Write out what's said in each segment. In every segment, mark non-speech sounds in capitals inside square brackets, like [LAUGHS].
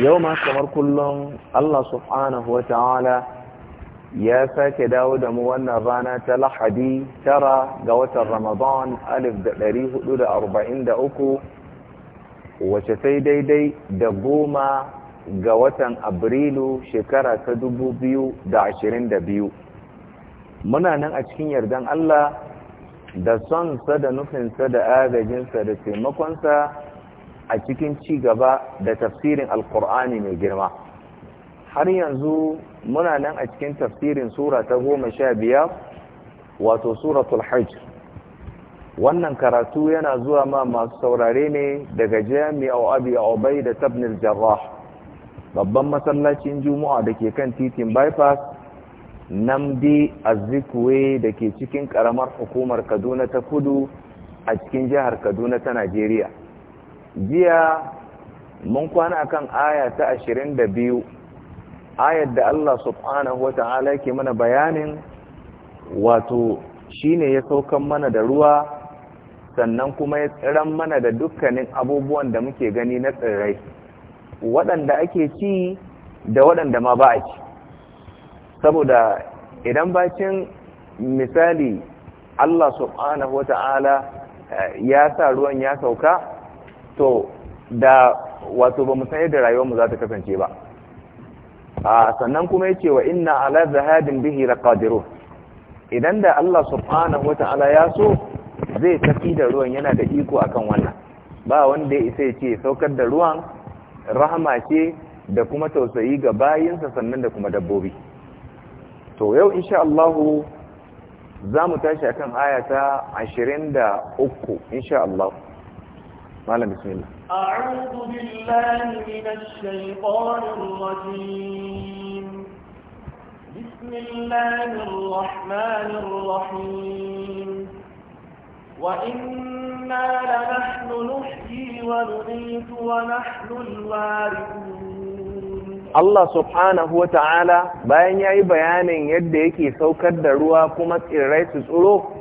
yau ma kamar kullum Allah subhanahu wa ta'ala ya sake dawo da mu wannan rana ta lahadi tara ga watan ramadan alif da ɗari hudu da wace sai daidai da goma ga watan abrilu shekara ta dubu ashirin da muna nan a cikin yardan Allah da sonsa da nufinsa da agajinsa da taimakonsa a cikin ci gaba da tafsirin alkur'ani mai girma har yanzu muna nan a cikin tafsirin sura ta goma sha biyar wato suratul hajj wannan karatu yana zuwa ma masu saurare ne daga jami'a abi obai da tabnil jarrah babban masallacin juma'a da ke kan titin bypass namdi azikwe da ke cikin karamar hukumar kaduna ta kudu a cikin jihar kaduna ta najeriya jiya mun kwana akan aya ta ashirin da biyu. ayar da Allah subhanahu wata'ala yake mana bayanin wato shine ya saukan mana da ruwa sannan kuma ya tsiran mana da dukkanin abubuwan da muke gani na tsirrai waɗanda ake ci da waɗanda ma ba a ci saboda idan bakin misali Allah subhanahu wata'ala ya sa ruwan ya sauka to da wato ba mu san yadda rayuwarmu za ta kasance ba a sannan kuma ya ce wa inna ala zahadin bihi laqadirun idan da Allah subhanahu wata'ala ya so zai tafi da ruwan yana da iko akan wannan ba wanda ya isa ya ce saukar da ruwan rahama ce da kuma tausayi ga bayinsa sannan da kuma dabbobi to yau insha Allah za mu tashi akan ayata 23 insha Allah malam bismillah a'udhu billahi minash shaitanir wa Allah subhanahu wa ta'ala bayan yayi bayanin yadda yake saukar da ruwa kuma tsirrai su tsuro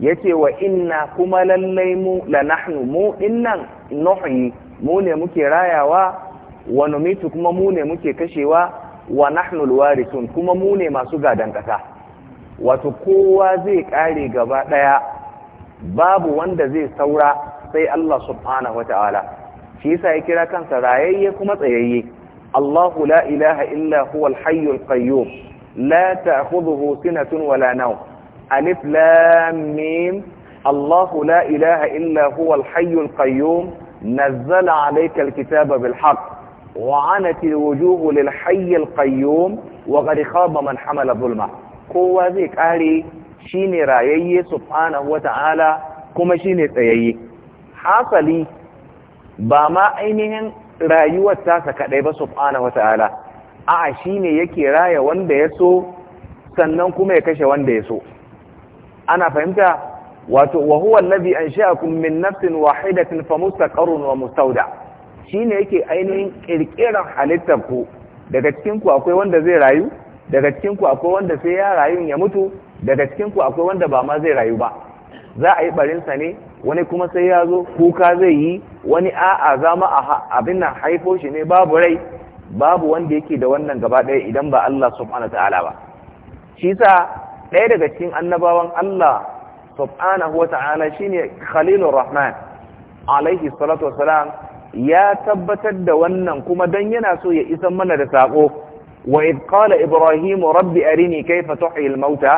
yace wa inna kuma lallai mu la nahnu mu innan nuhyi mu ne muke rayawa wa numitu kuma mu ne muke kashewa wa nahnu alwarithun kuma mu ne masu gadan kasa wato kowa zai kare gaba daya babu wanda zai saura sai Allah subhanahu wataala shi yasa ya kira kansa rayayye kuma tsayayye Allahu la ilaha illa huwa al-hayyul qayyum la ta'khudhuhu sinatun wala nawm ألف لام ميم الله لا إله إلا هو الحي القيوم نزل عليك الكتاب بالحق وعنت الوجوه للحي القيوم وغد خاب من حمل ظلمة قوة ذيك أهلي شيني رأيي سبحانه وتعالى كما شيني تأيي حاصلي بما أينهن رأيي والتاسة كأليب سبحانه وتعالى أعشيني يكي رأي وان ديسو سنن كما يكشي وان ana fahimta wato wa huwa allazi ansha'akum min nafsin wahidatin fa mustaqarrun wa mustawda shine yake ainihin kirkiran halittar ku daga cikin ku akwai wanda zai rayu daga cikin ku akwai wanda sai ya rayu ya mutu daga cikin ku akwai wanda ba ma zai rayu ba za a yi barin sa ne wani kuma sai ya zo kuka zai yi wani a'a zama abin nan haifo shi ne babu rai babu wanda yake da wannan gaba ɗaya idan ba Allah subhanahu ta'ala ba shi sa ɗaya daga cikin annabawan Allah subhanahu wa ta'ala shine Khalilur Rahman alaihi salatu wassalam ya tabbatar da wannan kuma dan yana so ya isa mana da sako wa id qala ibrahim rabbi arini kayfa tuhyi al-mauta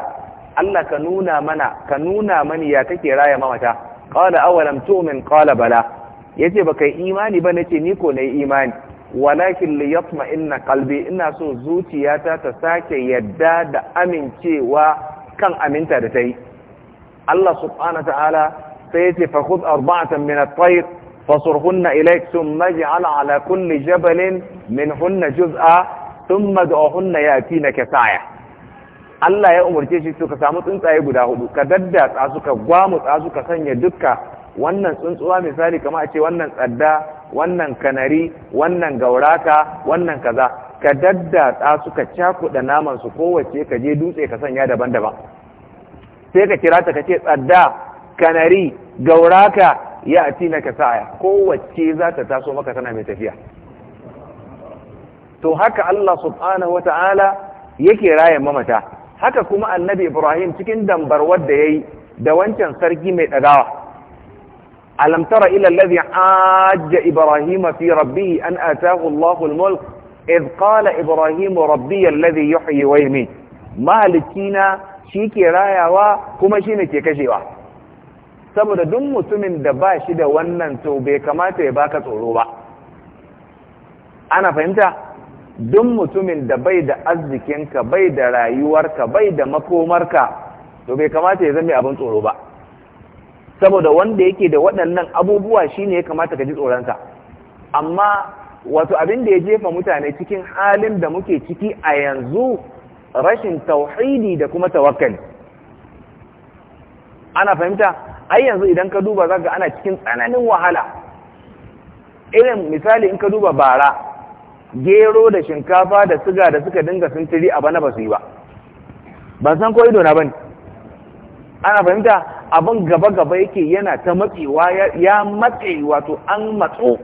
Allah ka nuna mana ka nuna mani ya kake raya mamata qala awalam tu'min qala bala yace baka imani ba nace ni ko nayi imani walakin li yatma inna qalbi ina so zuciyata ta sake yadda da amincewa kan aminta da tai Allah subhanahu ta'ala sai yace fa khudh arba'atan min at-tayr fasurhunna ilayk thumma ij'al 'ala kulli jabalin minhunna juz'a thumma da'uhunna yatinaka sa'ya Allah ya umarce shi suka ka samu tsuntsaye guda hudu ka dadda tsasu, ka gwamutsa tsasu, ka sanya dukka wannan tsuntsuwa misali kamar a ce wannan tsadda wannan kanari wannan gauraka wannan kaza ka daddatsa suka ka cakuɗa naman su kowace ka je dutse ka sanya daban-daban sai ka kira ta kace tsadda kanari gauraka ya ati na ka saya kowace za ta taso maka tana mai tafiya to haka Allah subhanahu wata'ala yake rayan mamata haka kuma annabi Ibrahim cikin dambarwar da yayi da wancan sarki mai ɗagawa ألم تر إلى الذي حاج إبراهيم في ربه أن آتاه الله الملك إذ قال إبراهيم ربي الذي يحيي ويميت mahalicina shi ke rayawa kuma shi ne ke kashewa saboda duk mutumin da ba shi da wannan to bai kamata ya baka tsoro ba ana fahimta duk mutumin da bai da arzikinka bai da rayuwarka bai da makomarka to bai kamata ya zama abin tsoro ba saboda wanda yake da waɗannan abubuwa shine ya kamata ka ji tsoronsa amma wato abin da ya jefa mutane cikin halin da muke ciki a yanzu rashin tauhidi da kuma tawakkali ana fahimta ai yanzu idan ka duba zaka ana cikin tsananin wahala irin misali in ka duba bara gero da shinkafa da suga da suka dinga sintiri a bana ba su yi ba ban san ko ido na bane ana fahimta abin gaba-gaba yake yana ta matsewa ya matse wato an matso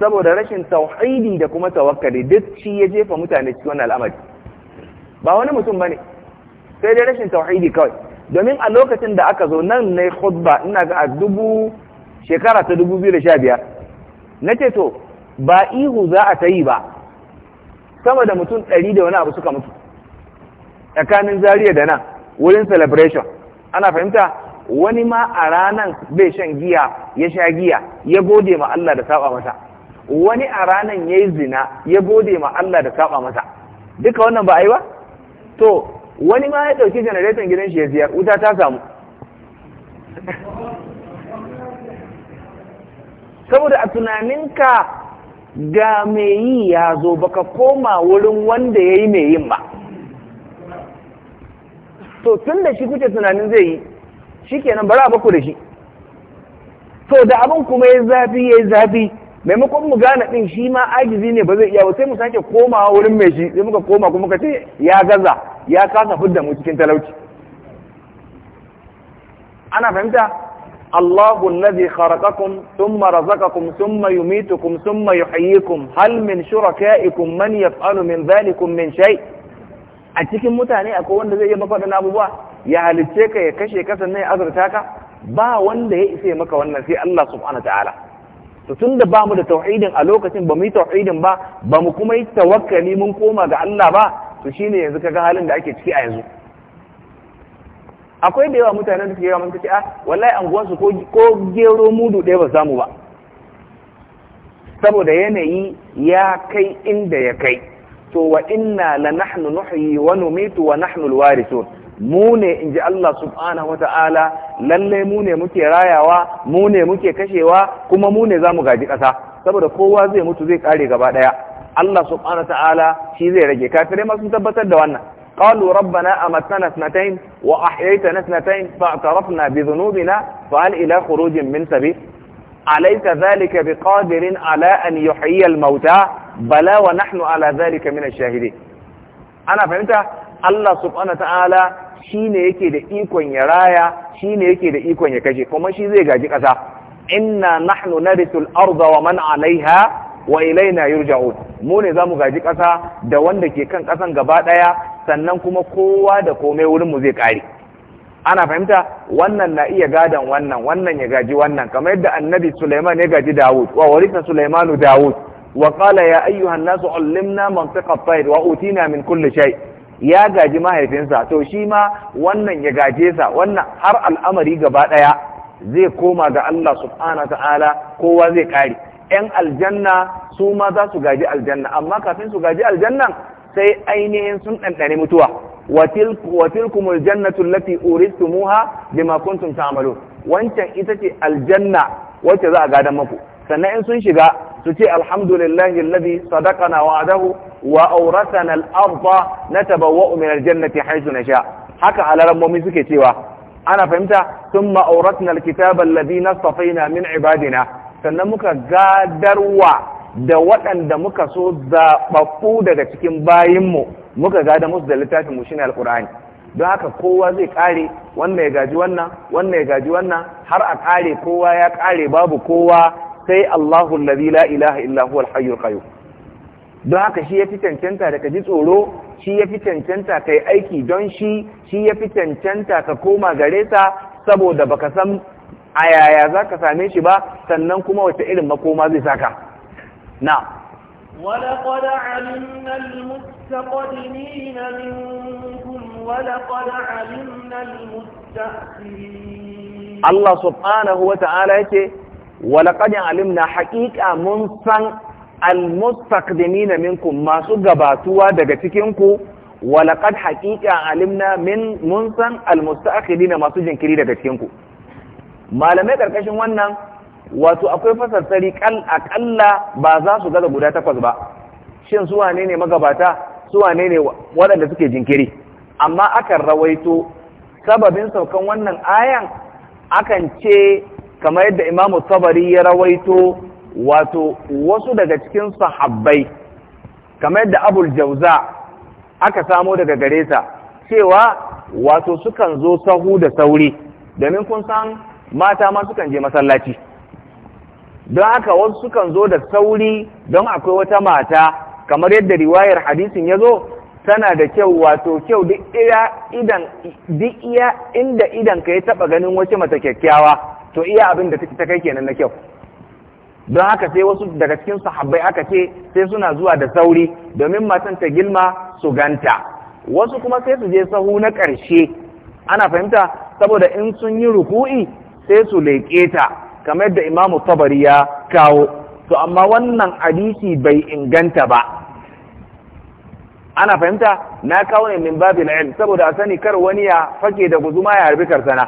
saboda rashin tauhidi da kuma tawakkali duk shi ya jefa mutane cikin al'amari ba wani mutum bane sai dai rashin tauhidi kawai domin a lokacin da aka zo nan na khutba ina ga a dubu shekara ta dubu biyu da sha biyar na ce to ba ihu za a ta yi ba sama da mutum ɗari da wani abu suka mutu tsakanin zariya da nan wurin celebration ana fahimta wani ma a ranan bai shan giya ya sha giya ya gode ma Allah da saba masa wani a ranan yayi zina ya gode ma Allah da saba masa duka wannan ba ai ba to wani ma ya ɗauki janareton gidan shi ya ziyar wuta ta samu saboda a tunaninka ga mai yi ya zo baka koma wurin wanda ya yi mai yin ba to tun da shi kuke tunanin zai yi shikenan bari a baku da shi to da abin kuma ya zafi ya zafi maimakon mu gane din shi ma agizi ne ba zai iya ba sai mu sake komawa wurin mai shi sai muka koma kuma muka ce ya gaza ya kasa fidda mu cikin talauci ana fahimta Allahu alladhi kharaqakum thumma razaqakum thumma yumitukum thumma yuhyikum hal min shurakaikum man yaf'alu min dhalikum min shay a cikin mutane akwai wanda zai yi mafaɗin abubuwa ya halicce ka ya kashe ka sannan ya azurta ka ba wanda ya isa maka wannan sai Allah subhanahu ta'ala to tunda ba mu da tauhidin a lokacin ba mu yi tauhidin ba ba mu kuma yi tawakkali mun koma ga Allah ba to shine yanzu kaga halin da ake ciki a yanzu akwai da yawa mutanen da suke yawa mun kace a ah, wallahi ko ko gero mudu ɗaya ba samu ba saboda yanayi ya kai inda ya kai to wa inna la nahnu nuhyi wa numitu wa nahnu alwarithun mu ne in ji Allah subhanahu wata'ala lallai mu ne muke rayawa mu ne muke kashewa kuma mu ne za mu gaji ƙasa saboda kowa zai mutu zai kare gaba ɗaya Allah subhanahu wata'ala shi zai rage kafirai ma sun tabbatar da wannan قالوا ربنا أمتنا اثنتين وأحييتنا اثنتين فاعترفنا بذنوبنا فهل إلى خروج من سبيل أليس ذلك بقادر على أن يحيي الموتى بلى ونحن على ذلك من الشاهدين أنا فهمت الله سبحانه وتعالى shi ne yake da ikon ya raya shi ne yake da ikon ya kashe kuma shi zai gaji ƙasa inna nahnu narithul arda wa man alaiha wa ilaina yurja'un mu ne zamu gaji ƙasa da wanda ke kan ƙasan gaba ɗaya sannan kuma kowa da komai wurin mu zai ƙare ana fahimta wannan na iya gadan wannan wannan ya gaji wannan kamar yadda annabi Sulaiman ya gaji Dawud wa warisa Sulaimanu Dawud wa qala ya ayyuhan nasu ullimna mantiqa at-tayr wa utina min kulli shay' ya gaji mahaifinsa to shi ma wannan ya gaje sa wannan har al'amari gaba ɗaya zai koma ga Allah subhanahu ta'ala kowa zai kare yan aljanna su ma za su gaji aljanna amma kafin su gaji aljannan sai ainihin sun ɗanɗane mutuwa وتلكم الجنة التي أورثتموها wancan ita ce aljanna wacce za a gadan maku sannan in sun shiga su ce alhamdulillahi alladhi sadaqana wa'adahu wa awrathana al-ardha natabawwa'u min al-jannati haythu nasha haka alarammomi suke cewa ana fahimta thumma awrathna al-kitaba alladhi nastafaina min ibadina sannan muka gadarwa da waɗanda muka so zaɓaɓɓu daga cikin bayinmu muka gada musu da littafin mu shine alqur'ani don haka kowa zai kare wannan ya gaji wannan wannan ya gaji wannan har a ƙare kowa ya ƙare babu kowa sai Allahu alladhi la ilaha illahu alhayyul don haka shi ya fi cancanta da ka ji tsoro shi ya fi cancanta ka yi aiki don shi shi ya fi cancanta ka koma gare sa saboda baka san a yaya za ka same shi ba sannan kuma wace irin makoma zai saka na ولقد علمنا المستقدمين منكم ولقد علمنا المستأخرين Allah subhanahu wa ta'ala yake walaƙad alimna haƙiƙa mun san almustaqdimina minkum masu gabatuwa daga cikinku walaƙad haƙiƙa alimna min mun san na masu jinkiri daga cikinku malamai ƙarƙashin wannan wato akwai fasassari aƙalla ba za su gaza guda takwas ba shin su wane ne magabata su wane ne waɗanda suke jinkiri amma akan rawaito sababin saukan wannan ayan akan ce kamar yadda imamu tabari ya rawaito wato wasu daga cikin sahabbai kamar yadda abul jauza aka samo daga gare ta cewa wato sukan zo sahu da sauri domin kun san mata ma sukan je masallaci don haka wasu sukan zo da sauri don akwai wata mata kamar yadda riwayar hadisin ya zo tana da kyau wato kyau duk iya idan duk iya inda idan ka ya taba ganin wace mata kyakkyawa to iya abin da ta kai kenan na kyau don haka sai wasu daga cikin sahabbai aka ce sai suna zuwa da sauri domin matan ta gilma su ganta wasu kuma sai su je sahu na ƙarshe ana fahimta saboda in sun yi ruku'i sai su leƙe ta kamar da imamu tabari ya kawo to amma wannan hadisi bai inganta ba ana fahimta na kawo ne min babil ilm saboda a sani kar wani ya fake da guzuma ya harbi karsana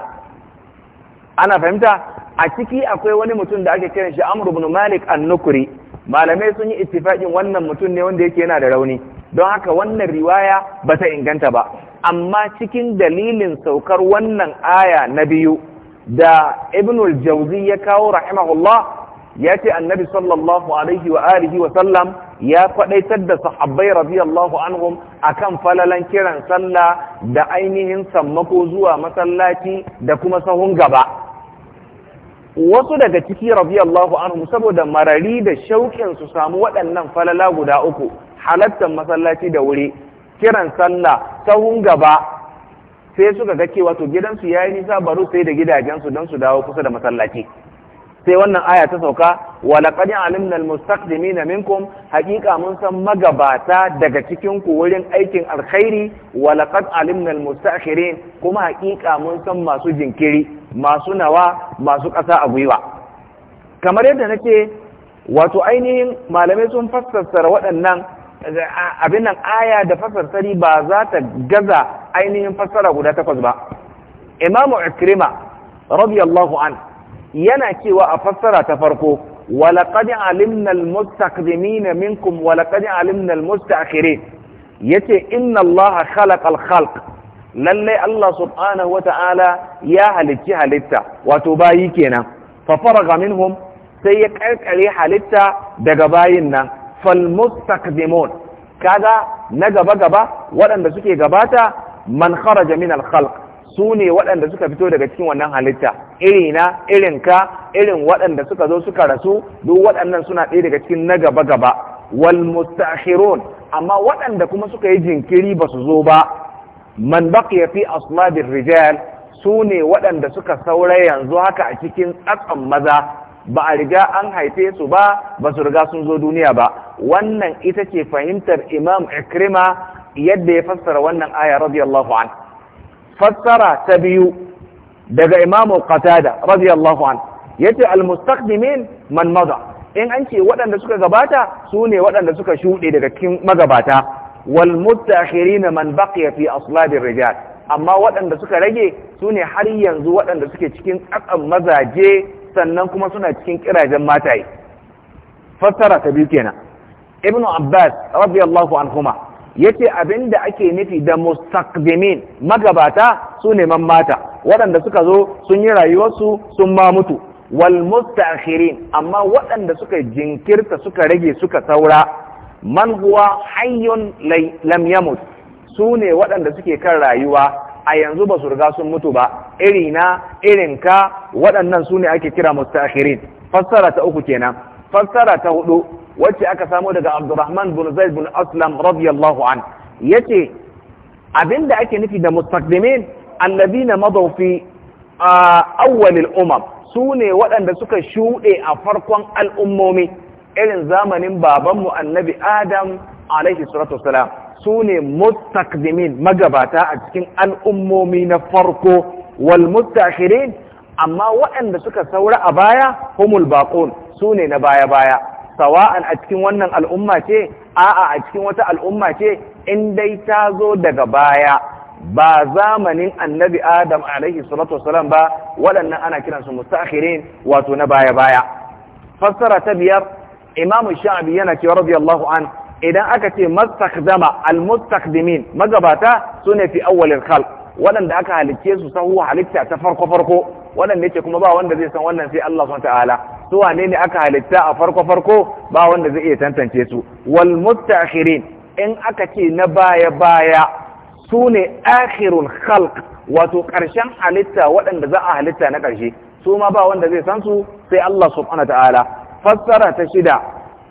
ana fahimta a ciki akwai wani mutum da ake kiran shi amru ibn malik an-nukri malamai sun yi ittifaqin wannan mutum ne wanda yake yana da rauni don haka wannan riwaya ba ta inganta ba amma cikin dalilin saukar wannan aya na biyu da ibnul ya kawo rahimahullah ya ce annabi sallallahu alaihi wa alihi wa sallam ya faɗaitar da sahabbai radiyallahu anhum akan falalan kiran sallah da ainihin sammako zuwa masallaci da kuma sahun gaba wasu daga ciki radiyallahu anhum saboda marari da shauƙin su samu waɗannan falala guda uku halattar masallaci da wuri kiran sallah sahun gaba sai suka ga cewa to gidansu yayi nisa baro sai da gidajensu don su dawo kusa da masallaci sai wannan aya ta sauka wa laqad alimna almustaqdimina minkum haqiqa mun san magabata daga cikin ku wurin aikin alkhairi wa laqad alimna almustakhirin kuma haqiqa mun san masu jinkiri masu nawa masu ƙasa a gwiwa kamar yadda nake wato ainihin malamai sun fassara waɗannan abin nan aya da fassarsari ba za ta gaza ainihin fassara guda takwas ba imamu ikrima radiyallahu anhu yana cewa a fassara ta farko walaƙad alimna almustaqdimina minkum walaƙad alimna almustaakhirin yace inna Allah khalaqa alkhalq lalle Allah subhanahu wata'ala ya halicci halitta wato bayi kenan fa faraga minhum sai ya karkare halitta daga bayin nan fal mustaqdimun kaga na gaba gaba waɗanda suke gabata man kharaja min alkhalq su ne waɗanda suka fito daga cikin wannan halitta Iri na, irin ka, irin waɗanda suka zo suka rasu duk waɗannan suna ɗaya daga cikin na gaba gaba wal musta'khirun amma waɗanda kuma suka yi jinkiri ba su zo ba man baqiya fi aslabir rijal su ne waɗanda suka saura yanzu haka a cikin tsatson maza ba a riga an haife su ba ba su riga sun zo duniya ba wannan ita ce fahimtar imam ikrima yadda ya fassara wannan aya radiyallahu anhu fassara ta biyu daga imamu qatada radiyallahu an yace almustaqdimin man mada in an ce waɗanda suka gabata su ne waɗanda suka shuɗe daga cikin magabata wal mutakhirin man baqiya fi aslabir rijal amma waɗanda suka rage su ne har yanzu waɗanda suke cikin tsatsan mazaje sannan kuma suna cikin kirajen mataye fassara ta biyu kenan ibnu abbas radiyallahu anhuma yace abinda ake nufi da mustaqdimin magabata su ne man mata waɗanda suka zo sun yi rayuwarsu sun ma mutu wal mustaakhirin amma waɗanda suka jinkirta suka rage suka saura man huwa hayyun lam yamut su ne waɗanda suke kan rayuwa a yanzu ba su riga sun mutu ba irina irinka waɗannan su ne ake kira mustaakhirin fassara ta uku kenan fassara ta hudu wacce aka samo daga Abdurrahman bin Zaid bin Aslam radiyallahu an yace abinda ake nufi da mustaqdimin alladhina madaw fi awwal al-umam sune waɗanda suka shuɗe a farkon al'ummomi irin zamanin babanmu annabi Adam alaihi salatu wassalam sune mustaqdimin magabata a cikin al'ummomi na farko wal mustaakhirin amma waɗanda suka saura a baya humul baqun su ne na baya-baya sawa'an a cikin wannan al'umma ce a'a a cikin wata al'umma ce in dai ta zo daga baya ba zamanin annabi adam alaihi salatu wasalam ba waɗannan ana kiransu mustakhirin wato na baya-baya fassara ta biyar imam sha'abi yana cewa radiyallahu an idan aka ce mastakdama al-mustakdimin magabata sune fi awwalil khalq waɗanda aka halicce su sahu halitta ta farko farko waɗanda yake kuma ba wanda zai san wannan sai Allah subhanahu su wane ne aka halitta a farko farko ba wanda zai iya tantance su wal mutakhirin in aka ce na baya baya su ne akhirul khalq wato karshen halitta waɗanda za a halitta na karshe su ma ba wanda zai san su sai Allah subhanahu fassara ta shida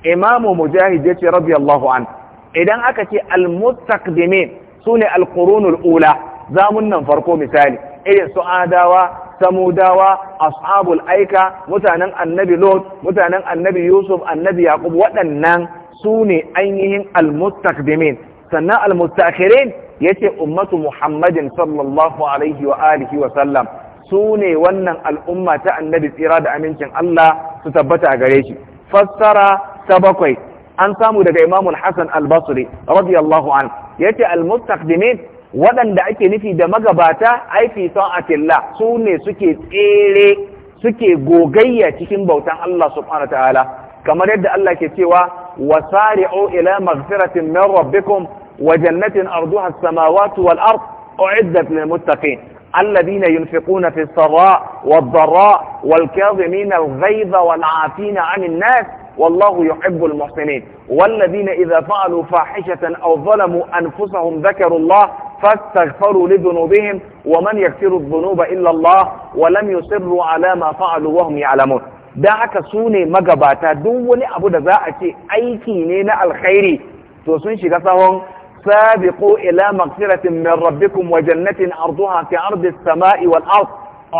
imamu mujahid yace radiyallahu an idan aka ce al mustaqdimin su ne al qurunul ula zamun nan farko misali irin su adawa samudawa ashabul aika mutanen annabi lot mutanen annabi yusuf annabi yaqub waɗannan su ne ainihin almustakdimin sannan almustakhirin yace ummatu muhammadin sallallahu alaihi wa alihi wa sallam su ne wannan al'umma ta annabi tsira da amincin Allah su tabbata a gare shi fassara ta bakwai an samu daga imamul hasan al-basri radiyallahu an yace al-mustaqdimin waɗanda ake nufi da magabata ai fi sa'atillah su ne suke tsere suke gogayya cikin bautan Allah subhanahu ta'ala kamar yadda Allah ke cewa wasari'u ila maghfiratin min rabbikum wa jannatin arduha as-samawati wal ard u'iddat lil muttaqin الذين ينفقون في السراء والضراء والكاظمين الغيظ والعافين عن الناس والله يحب المحسنين والذين إذا فعلوا فاحشة أو ظلموا أنفسهم ذكروا الله فاستغفروا لذنوبهم ومن يغفر الذنوب إلا الله ولم يصروا على ما فعلوا وهم يعلمون da haka su ne magabata duk wani abu da za a ce aiki ne na alkhairi to sun shiga sahon sabiqu ila maghfiratin min rabbikum wa jannatin arduha fi ardi as-sama'i wal ard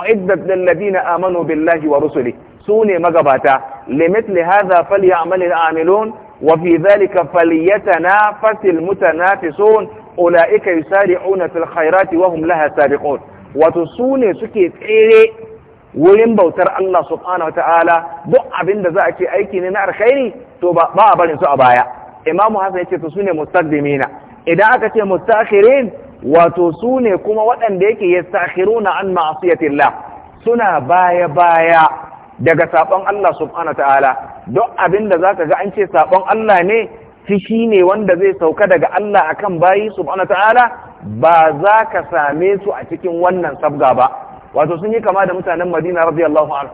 uiddat lil ladina amanu billahi wa rusuli su ne magabata limit li hadha falyamal al amilun wa fi dhalika falyatanafasil mutanafisun ulaika yusari'una fil khairati wa hum laha sabiqun wato su ne suke tsere wurin bautar Allah subhanahu ta'ala duk abin da za a ce aiki ne na alkhairi to ba a barin su a baya imamu hasan yace to su ne mustaqdimina idan aka ce mustakhirin wato su ne kuma waɗanda yake yastakhiruna an ma'asiyatillah suna baya baya daga sabon Allah subhanahu ta'ala duk abin da zaka ga an ce sabon Allah ne fishi ne wanda zai sauka daga Allah a kan bayi subhanahu ta'ala ba za ka same su a cikin wannan sabga ba wato sun yi kama da mutanen Madina radiyallahu anhu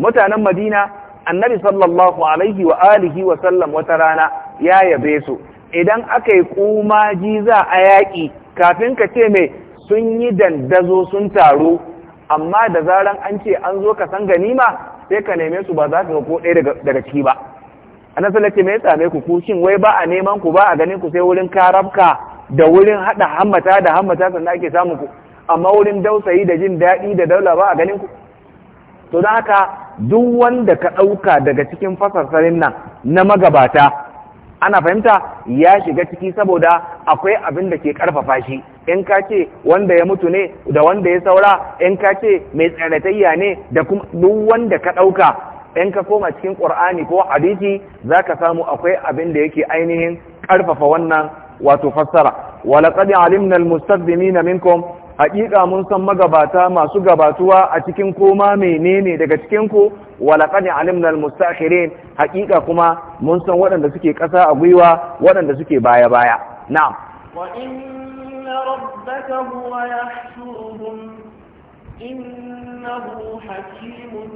mutanen Madina annabi sallallahu alaihi wa alihi wa sallam wata rana ya yabe su idan aka yi kumaji za a yaƙi kafin ka ce mai sun yi dandazo sun taru amma da zaran an ce an zo ka san ganima sai ka neme su ba za ka ga ko ɗaya daga ciki ba Ana sallallahu me ya same ku ku shin wai ba a neman ku ba a ganin ku sai wurin karabka da wurin hada hammata da hammata sannan ake samun ku amma wurin dausayi da jin daɗi da daula ba a ganin ku to don haka duk wanda ka ɗauka daga cikin fasassarin nan na magabata ana fahimta ya shiga ciki saboda akwai abin da ke karfafa shi in ka ce wanda ya mutu ne da wanda ya saura in ka ce mai tsaratayya ne da kuma duk wanda ka ɗauka in ka koma cikin ƙur'ani ko hadisi za ka samu akwai abin da yake ainihin ƙarfafa wannan wato fassara walaƙadi alimnal mustaqdimina minkum haƙiƙa mun san magabata masu gabatuwa a cikin koma menene daga cikin ku walaƙad alimnal mustakhirin haƙiƙa kuma mun san waɗanda suke ƙasa a gwiwa waɗanda suke baya baya na'am wa inna rabbaka huwa yahshuruhum hakimun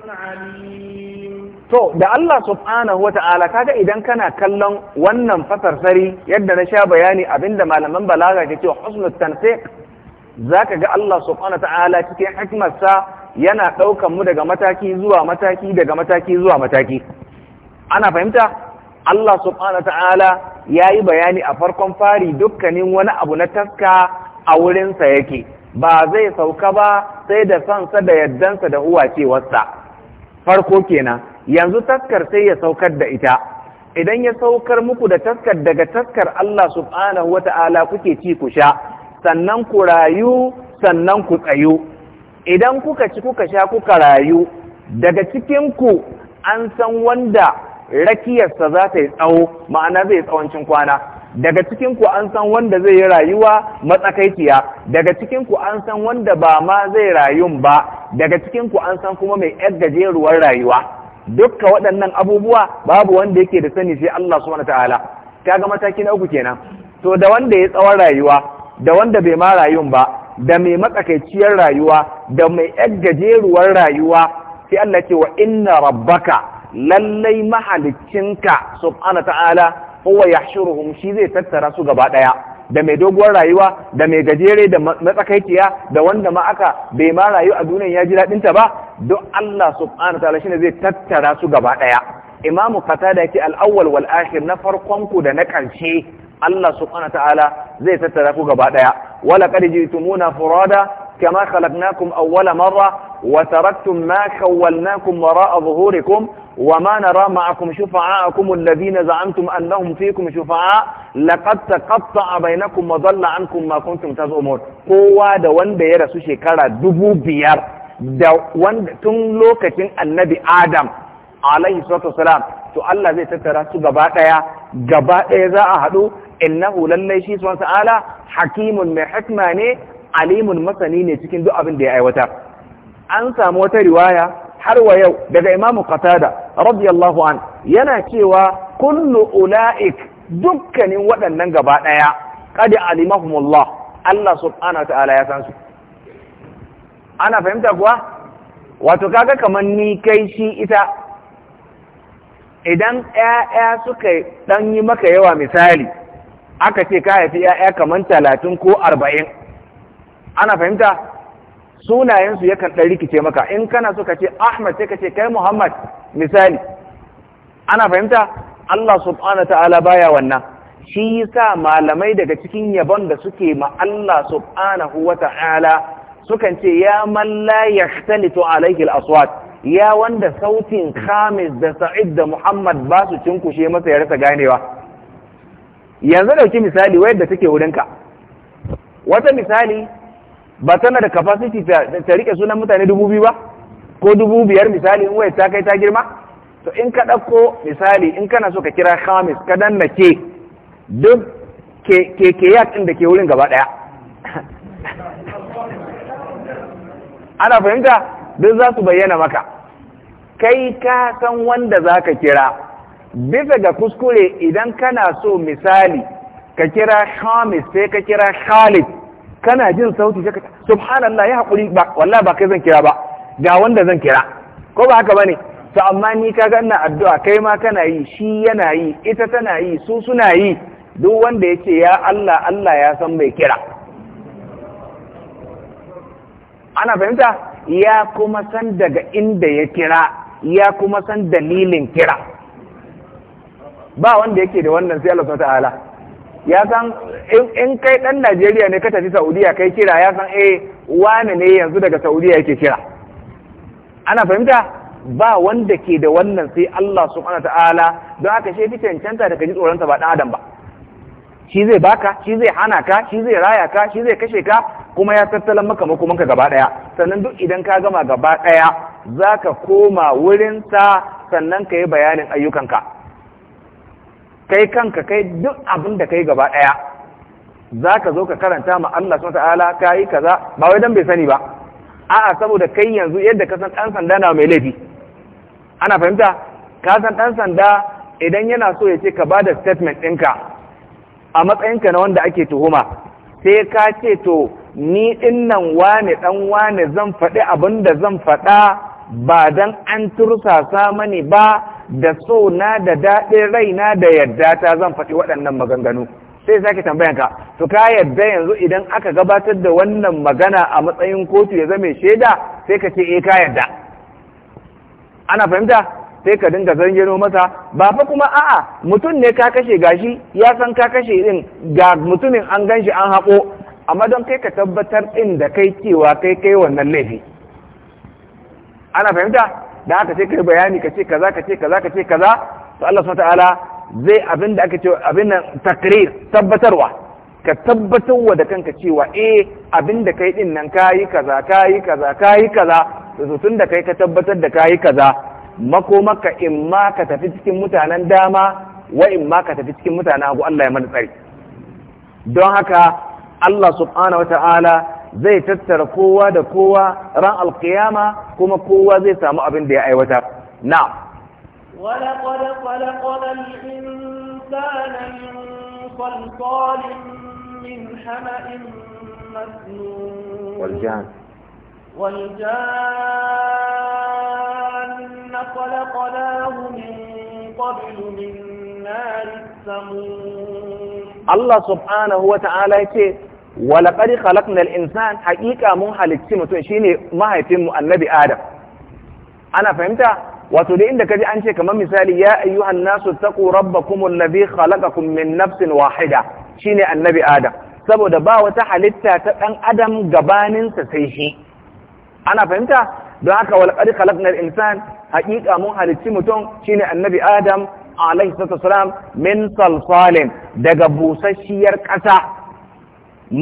to da Allah subhanahu ta'ala kaga idan kana kallon wannan fasarsari yadda na sha bayani abinda malaman balaga ke cewa husnul tanfiq zaka ga Allah subhanahu ta'ala cikin hikmarsa yana ɗaukan mu daga mataki zuwa mataki daga mataki zuwa mataki ana fahimta Allah subhanahu wata'ala ya yi bayani a farkon fari dukkanin wani abu na taska a wurinsa yake ba zai sauka ba sai da sansa da yaddansa da uwa ce wasa farko kenan yanzu taskar sai ya saukar da ita idan ya saukar muku da taskar daga taskar Allah subhanahu wa ta'ala kuke ci ku sha sannan ku rayu sannan ku tsayu idan kuka ci kuka sha kuka rayu daga cikinku an san wanda rakiyarsa za ta yi tsawo ma'ana zai tsawancin kwana daga cikin ku an san wanda zai yi rayuwa matsakaiciya daga cikin ku an san wanda ba ma zai rayun ba daga cikin ku an san kuma mai yar gajeruwar rayuwa dukka waɗannan abubuwa babu wanda yake da sani sai Allah subhanahu ta'ala kaga mataki na uku kenan to da wanda ya tsawon rayuwa da wanda bai ma rayun ba da mai matsakaiciyar rayuwa da mai yar gajeruwar rayuwa sai Allah ce wa inna rabbaka lallai mahaliccinka subhanahu ta'ala huwa yahshuruhum shi zai tattara su gaba ɗaya da mai doguwar rayuwa da mai gajere da matsakaiciya da wanda ma aka bai ma rayu a duniyan ya ji daɗinta ba don Allah subhanahu ta'ala shine zai tattara su gaba ɗaya imamu qatada yake al-awwal wal akhir na farkon ku da na ƙarshe Allah subhanahu ta'ala zai tattara ku gaba ɗaya wala qad jitumuna furada kama khalaqnakum awwala marra wa taraktum ma khawwalnakum wara'a zuhurikum وما نرى معكم شفعاءكم الذين زعمتم أنهم فيكم شفعاء لقد تقطع بينكم وضل عنكم ما كنتم تزعمون kowa da wanda ya rasu shekara dubu biyar da wanda tun lokacin annabi adam alaihi salatu wasalam to Allah zai tattara su gaba daya gaba daya za a haɗu innahu lallai shi subhanahu ta'ala hakimun mai hikma ne alimun masani ne cikin duk abin da ya aiwata. an samu wata riwaya har wa yau daga imamu qatada radiyallahu an yana cewa kullu ula'ik dukkanin waɗannan gaba ɗaya qad alimahumullah Allah subhanahu wa ta'ala ya san su ana fahimta kuwa wato kaga kaman ni kai shi ita idan ƴaƴa suka ɗan yi maka yawa misali aka ce ka haifi ƴaƴa kaman talatin ko arba'in ana fahimta sunayensu yakan ɗan rikice maka in kana so ka ce ahmad sai ka ce kai muhammad misali ana fahimta allah subhanahu ta'ala baya wannan shi yasa malamai daga cikin yabon da suke ma allah subhanahu wa ta'ala sukan ce ya man la yahtalitu alayhi al-aswat ya wanda sautin khamis da sa'id da muhammad ba su cinkushe masa ya rasa ganewa yanzu dauki misali wayar da take wurinka wata misali ba tana da capacity ta rike sunan mutane dubu biyu ba ko dubu biyar misali in wai ta kai ta girma to in ka ɗauko misali in kana so ka kira khamis ka danna ke duk ke ya da ke wurin gaba ɗaya [LAUGHS] ana fahimta duk za su bayyana maka kai ka san wanda za ka kira bisa ga kuskure idan kana so misali ka kira khamis sai ka kira khalid kana jin sauti shi ka subhanallah ya hakuri ba wallahi ba kai zan kira ba ga wanda zan kira ko ba haka bane to amma ni ka ga ina addu'a kai ma kana yi shi yana yi ita tana yi su suna yi duk wanda yake ya Allah Allah ya san mai kira ana fahimta ya kuma san daga inda ya kira ya kuma san dalilin kira ba wanda yake da wannan sai Allah ta'ala ya san in kai dan Najeriya ne ka tafi Saudiya kai kira ya san eh wane ne yanzu daga Saudiya yake kira ana fahimta ba wanda ke da wannan sai Allah subhanahu ta'ala don haka shi fi cancanta da kaji tsoron ba dan adam ba shi zai baka shi zai hana ka shi zai raya ka shi zai kashe ka kuma ya tattalan maka manka gaba daya sannan duk idan ka gama gaba daya zaka koma wurin sa sannan ka yi bayanin ayyukanka kai kanka kai duk abin da kai gaba ɗaya za ka zo ka karanta ma Allah subhanahu ta'ala ka yi kaza ba wai dan bai sani ba a'a saboda kai yanzu yadda ka san ɗan sanda na mai laifi ana fahimta ka san ɗan sanda idan yana so ya ce ka ba da statement ɗinka a matsayinka na wanda ake tuhuma sai ka ce to ni ɗin nan wane ɗan wane zan faɗi abin da zan faɗa ba dan an tursasa mani ba da so na da daɗin raina da yadda ta zan faɗi waɗannan maganganu sai sake tambaya ka to ka yadda yanzu idan aka gabatar da wannan magana a matsayin kotu ya zame shaida sai ka ce eh ka yadda ana fahimta sai ka dinga zangeno masa ba fa kuma a'a mutum ne ka kashe gashi ya san ka kashe din ga mutumin an ganshi an haƙo amma don kai ka tabbatar din da kai cewa kai kai wannan laifi ana fahimta da aka ce kai bayani ka ce kaza ka ce kaza ka ce kaza to Allah subhanahu zai abin da aka ce abin nan takrir tabbatarwa ka tabbatarwa da kanka cewa eh abin da kai din nan kayi kaza kayi kaza kayi kaza to tun da kai ka tabbatar da kayi kaza makomaka in ma ka tafi cikin mutanen dama wa in ma ka tafi cikin mutanen hagu Allah ya mana tsari don haka Allah subhanahu zai tattara kowa da kowa ran alkiyama kuma kowa zai samu abin da ya aiwata na ولقد خلقنا الإنسان من صلصال من حمأ مسنون والجان والجان خلقناه من قبل من نار السموم الله سبحانه وتعالى يقول walaƙar halaknal insan haƙiƙa mun halicci mutum shine mahaifinmu annabi adam ana fahimta wato da inda kaji an ce kamar misali ya ayyuhan nasu taqu rabbakum allazi khalaqakum min nafsin wahida shine annabi adam saboda ba wata halitta ta ɗan adam gabanin sa sai shi ana fahimta don haka walakari halaknal insan haƙiƙa mun halicci mutum shine annabi adam alaihi salam min salsalin daga busasshiyar ƙasa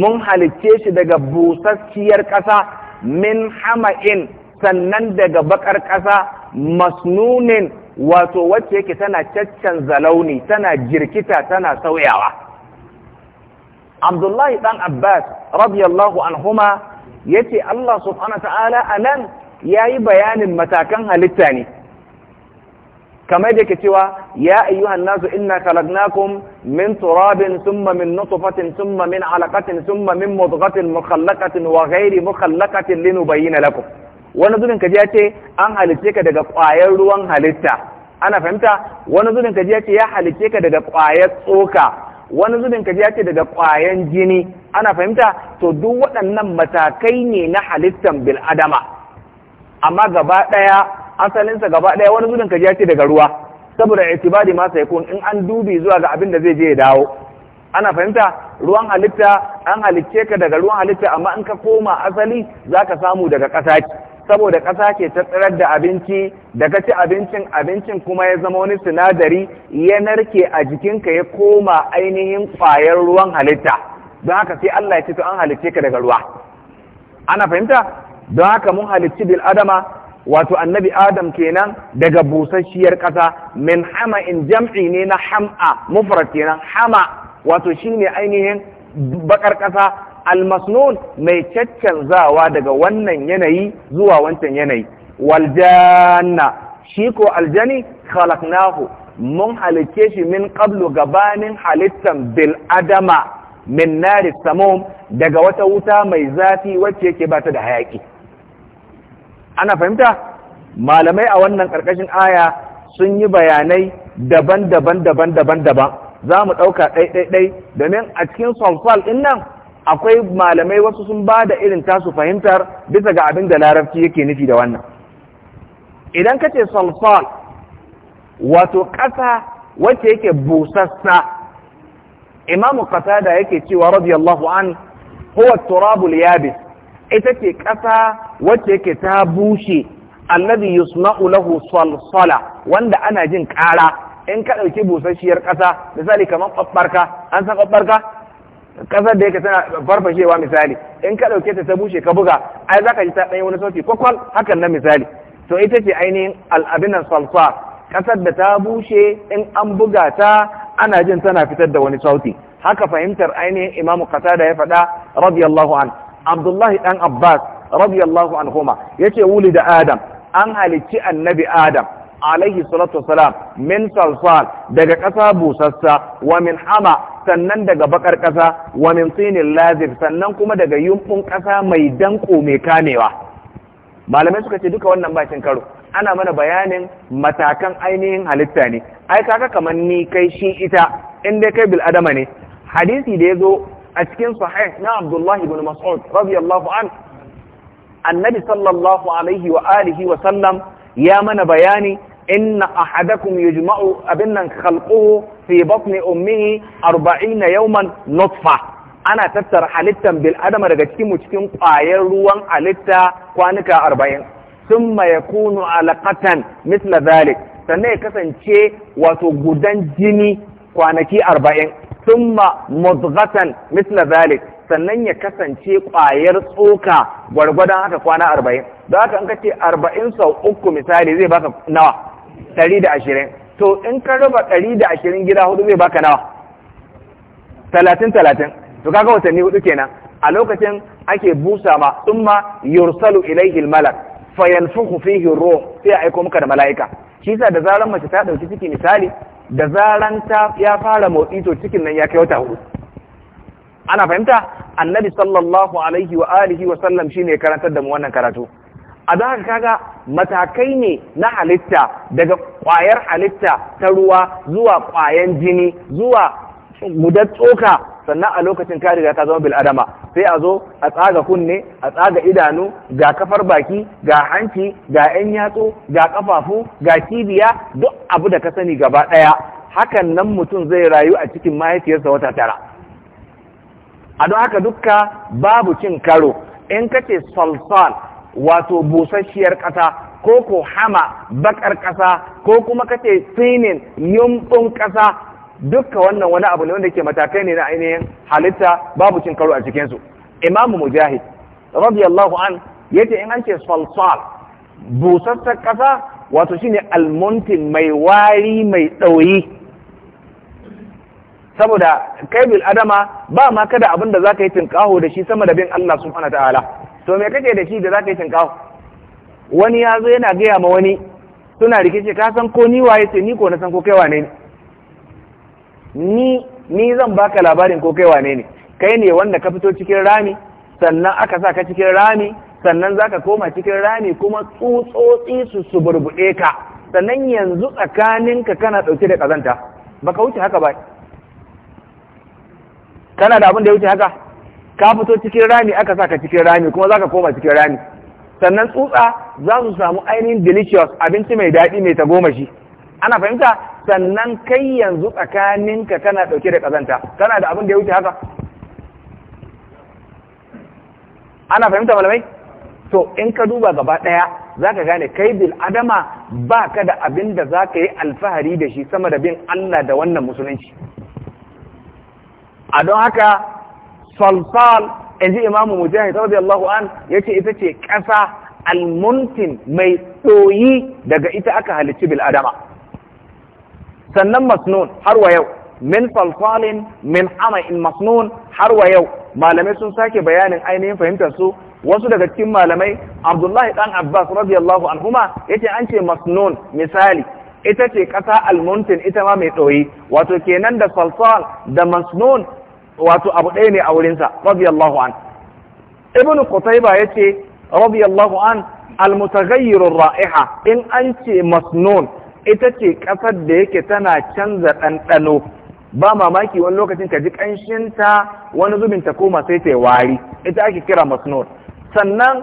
mun halicce shi daga busassiyar ƙasa min hama'in sannan daga bakar ƙasa masnunin wato wacce yake tana caccanza launi tana jirkita tana sauyawa abdullahi ɗan abbas radiyallahu anhuma yace allah subhanahu ta'ala ya yayi bayanin matakan halitta ne kamar da ke cewa ya ayyuhan nasu inna khalaqnakum min turabin thumma min nutfatin thumma min alaqatin thumma min mudghatin mukhallaqatin wa ghairi mukhallaqatin linubayyana lakum wani zubin kaji ya ce an halice ka daga ƙwayar ruwan halitta ana fahimta wani zubin kaji ya ce ya halice ka daga ƙwayar tsoka wani zubin kaji ya ce daga ƙwayan jini ana fahimta to duk waɗannan matakai ne na halittan bil adama amma gaba ɗaya asalinsa gaba ɗaya wani zubin kaji ya ce daga ruwa saboda itibari ma sai kun in an dubi zuwa ga abin da zai je ya dawo ana fahimta ruwan halitta an halicce ka daga ruwan halitta amma in ka koma asali za ka samu daga ƙasa ce saboda ƙasa ke ta tsirar da abinci daga ci abincin abincin kuma ya zama wani sinadari ya narke a jikinka ya koma ainihin ƙwayar ruwan halitta don haka sai Allah ya ce to an halicce ka daga ruwa ana fahimta don haka mun halicci bil adama wato annabi adam kenan daga busasshiyar ƙasa min hama in jam'i ne na ham'a mufrad kenan hama wato shine ainihin bakar ƙasa almasnun mai caccanzawa daga wannan yanayi zuwa wancan yanayi waljanna shi ko aljani khalaqnahu mun halicce shi min qablu gabanin halittan bil adama min nari samum daga wata wuta mai zafi wacce yake bata da hayaki ana fahimta malamai a wannan ƙarƙashin aya sun yi bayanai daban-daban daban-daban daban za mu ɗauka ɗai-ɗai domin a cikin sonfal ɗin nan akwai malamai wasu sun ba da irin tasu fahimtar bisa ga abin da larabci yake nufi da wannan idan ka ce solfal wato ƙasa wacce yake busassa imamu qatada yake cewa radiyallahu an huwa turabul yabis ita ce ƙasa wacce yake ta bushe alladhi yusma'u lahu salsala wanda ana jin ƙara in ka ɗauki busasshiyar ƙasa misali kamar ƙwaɓɓarka an san ƙwaɓɓarka ƙasar da yake tana farfashewa misali in ka ɗauke ta ta bushe ka buga ai za ka ji ta ɗanyi wani sauti kwakwal hakan na misali to ita ce ainihin al'abinan salsa ƙasar da ta bushe in an buga ta ana jin tana fitar da wani sauti haka fahimtar ainihin imamu qatada ya faɗa radiyallahu an abdullahi Ɗan abbas radiyallahu anhuma ce wuli da adam an halicci annabi adam alaihi salatu wasalam min salsal daga ƙasa busassa wa min hama sannan daga bakar ƙasa wa min sinin lazif sannan kuma daga yumɓun ƙasa mai danko mai kamewa malamai suka ce duka wannan bakin karo ana mana bayanin matakan ainihin halitta ne ai kaga kamar ni kai shi ita in dai kai bil adama ne hadisi da ya zo a cikin sahih na Abdullahi ibn Mas'ud radiyallahu an annabi sallallahu alaihi wa alihi wa sallam ya mana bayani inna ahadakum yujma'u abinnan khalquhu fi batni ummihi 40 yawman nutfa ana tattara halittan bil adama daga cikin mu cikin ƙwayar ruwan halitta kwanuka 40 thumma yakunu alaqatan mithla dhalik sannan ya kasance wato gudan jini kwanaki arba'in thumma mudghatan misla zalik sannan ya kasance ƙwayar tsoka gwargwadon haka kwana arba'in don haka in kace arba'in sau uku misali zai baka nawa ɗari da ashirin to in ka raba ɗari da ashirin gida hudu zai baka nawa talatin talatin to kaga watanni hudu kenan a lokacin ake busa ma tsumma yursalu ilaihi almalak fayanfuhu fihi ruh sai aiko maka da mala'ika shi yasa da zaran mace ta dauki ciki misali da zaran ta ya fara motsi to cikin nan ya kai wata hudu ana fahimta annabi sallallahu alaihi wa alihi wa sallam shine karantar da mu wannan karatu a za haka kaga matakai ne na halitta daga kwayar halitta ta ruwa zuwa kwayan jini zuwa mudar tsoka sannan a lokacin ka riga ka zama bil adama sai a zo a tsaga kunne a tsaga idanu ga kafar baki ga hanci ga yan yatsu ga kafafu ga kibiya duk abu da ka sani gaba daya hakan nan mutum zai rayu a cikin mahaifiyarsa wata tara a don haka dukka babu cin karo in ka ce salsal wato busasshiyar kasa ko ko hama bakar ƙasa ko kuma ka ce tsinin yumbun ƙasa dukka wannan wani abu ne wanda ke matakai ne na ainihin halitta babu cin karo a cikinsu imamu mujahid radiyallahu an yace in an ce salsal busassar kasa wato shine almuntin mai wari mai ɗauyi saboda kai bil adama ba ma kada abin da zaka yi tinkaho da shi sama da bin Allah subhanahu ta'ala to me kake da shi da zaka yi tinkaho wani ya zo yana gaya ma wani suna rikice ka san ko ni waye ce ni ko na san ko kai wane ne ni ni zan baka labarin ko kai wane ne kai ne wanda ka fito cikin rami sannan aka sa ka cikin rami sannan zaka koma cikin rami kuma tsutsotsi su su burbuɗe ka sannan yanzu tsakaninka kana ɗauke da ƙazanta baka wuce haka ba kana da abin da ya wuce haka ka fito cikin rami aka sa ka cikin rami kuma zaka koma cikin rami sannan tsutsa za su samu ainihin delicious abinci mai daɗi mai tagomashi ana fahimta sannan kai yanzu tsakaninka kana ɗauke da ƙazanta kana da abin da ya wuce haka ana fahimta malamai to in ka duba gaba ɗaya za ka gane kai bil adama ba ka da abin da za ka yi alfahari da shi sama da bin Allah da wannan musulunci a don haka salsal in ji imamu mujahid radiyallahu an ya ce ita ce ƙasa almuntin mai ɗoyi daga ita aka halicci bil adama sannan masnun har wa yau min falfalin min in masnun har wa yau malamai sun sake bayanin ainihin fahimtar su wasu daga cikin malamai abdullahi dan abbas radiyallahu anhuma yace an ce masnun misali ita ce ƙasa almuntin ita ma mai ɗoyi wato kenan da salsal da masnun wato abu ɗaya ne a wurinsa radiyallahu an ibn qutayba yace radiyallahu an almutaghayyirur ra'iha in an ce masnun ita ce kafar da yake tana canza ɗanɗano ba mamaki wani lokacin ka ji ƙanshinta wani zubin ta koma sai ta wari ita ake kira masnur sannan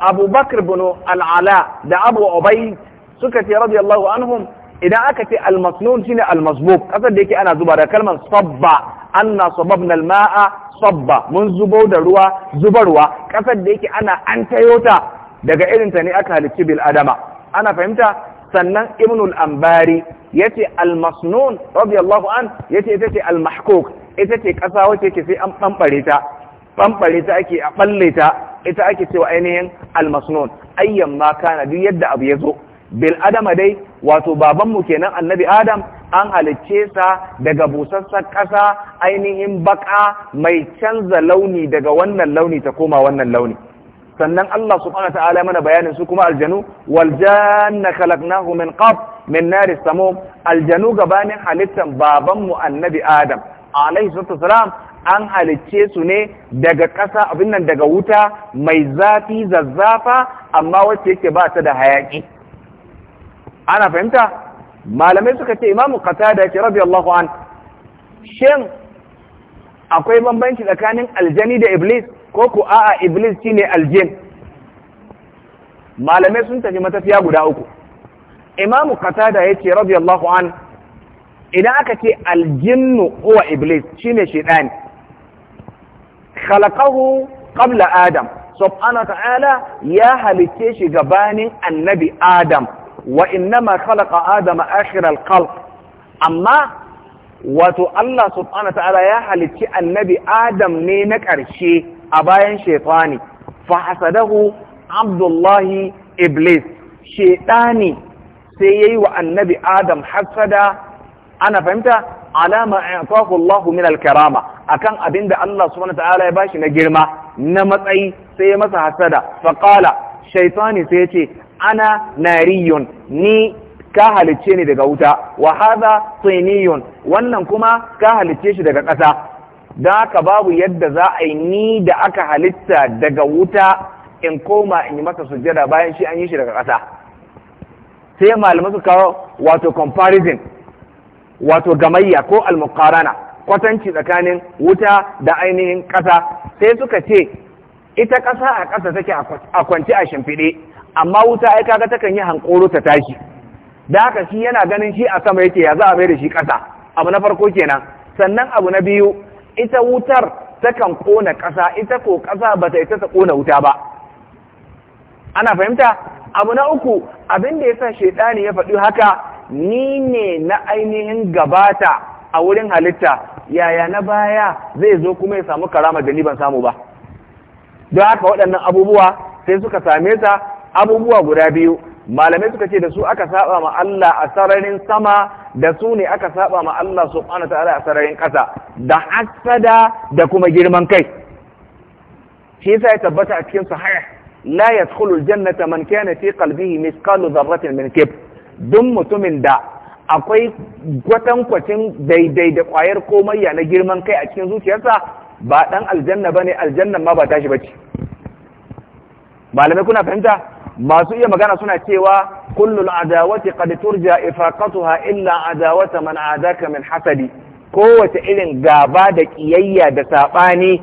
abubakar bin al'ala da abu obai suka ce radiyallahu anhum idan aka ce al-masnun shine al almasbub ƙasar da yake ana zuba da kalmar sabba anna sababna al-ma'a sabba mun zubo da ruwa zubarwa ƙasar da yake ana antayota tayota daga irinta ne aka halicci bil adama ana fahimta sannan ibnul ambari yace almasnun, masnun radiyallahu an yace ita ce al ita ce kasa wacce ke sai an bambare ta bambare ta ake a balle ta ita ake cewa ainihin almasnun. masnun ayyan ma kana duk yadda abu ya zo bil adama dai wato babanmu kenan annabi adam an halicce sa daga busassar ƙasa ainihin baka mai canza launi daga wannan launi ta koma wannan launi sannan Allah subhanahu ta'ala mana bayanin su kuma aljanu wal janna khalaqnahu min qab min nari samum aljanu gabanin halittan baban mu annabi adam alaihi salatu salam an halicce su ne daga ƙasa abin nan daga wuta mai zafi zazzafa amma wacce yake ba ta da hayaki ana fahimta malamai suka ce imamu qatada ya ce radiyallahu an shin akwai bambanci tsakanin aljani da iblis ko ku a'a iblis ne aljin malamai sun tafi matafiya guda uku imamu qatada ce radiyallahu an idan aka ce aljinnu huwa iblis shine shaytani khalaqahu qabla adam subhanahu ta'ala ya halice shi gabanin annabi adam wa innama khalaqa adama akhir al amma wato Allah subhanahu ta'ala ya halicci annabi Adam ne na ƙarshe a bayan shaitani fa hasadahu Abdullahi Iblis shaitani sai yayi wa annabi Adam hasada ana fahimta alama a'tahu Allah min al-karama akan abinda Allah subhanahu ta'ala ya bashi na girma na matsayi sai ya masa hasada fa qala shaitani sai ya ce ana nariyun ni ka halicce ni daga wuta wa hadha tiniyun wannan kuma ka halicce shi daga ƙasa don haka babu yadda za a yi ni da aka halitta daga wuta in koma in yi masa sujjada bayan shi an yi shi daga ƙasa sai malamai su kawo wato comparison wato gamayya ko almuqarana kwatanci tsakanin wuta da ainihin ƙasa sai suka ce ita ƙasa a ƙasa take a kwance a shimfiɗe amma wuta ai kaga takan yi hankoro ta tashi da haka shi yana ganin shi a sama yake ya za a mai da shi ƙasa abu na farko kenan sannan abu na biyu ita wutar takan ƙona ƙasa ita ko ƙasa ba ta ita ta kona wuta ba ana fahimta abu na uku abin da ya yasa shaidani ya faɗi haka ni ne na ainihin gabata a wurin halitta yaya na baya zai zo kuma ya samu karama da ni ban samu ba don haka waɗannan abubuwa sai suka same ta abubuwa guda biyu malamai suka ce da su aka saba ma Allah a sararin sama da su ne aka saba ma Allah subhanahu ta'ala a sararin ƙasa da hasada da kuma girman kai shi yasa ya tabbata a cikin sahih la yadkhulul jannata man kana fi qalbihi mithqalu dharratin min kib duk mutumin da akwai kwatankwacin daidai da kwayar komayya na girman kai a cikin zuciyarsa ba dan aljanna bane aljannan ma ba tashi bace malamai kuna fahimta masu iya magana suna cewa kullul adawati qad turja ifaqatuha illa adawata man adaka min hasadi kowace irin gaba da kiyayya da sabani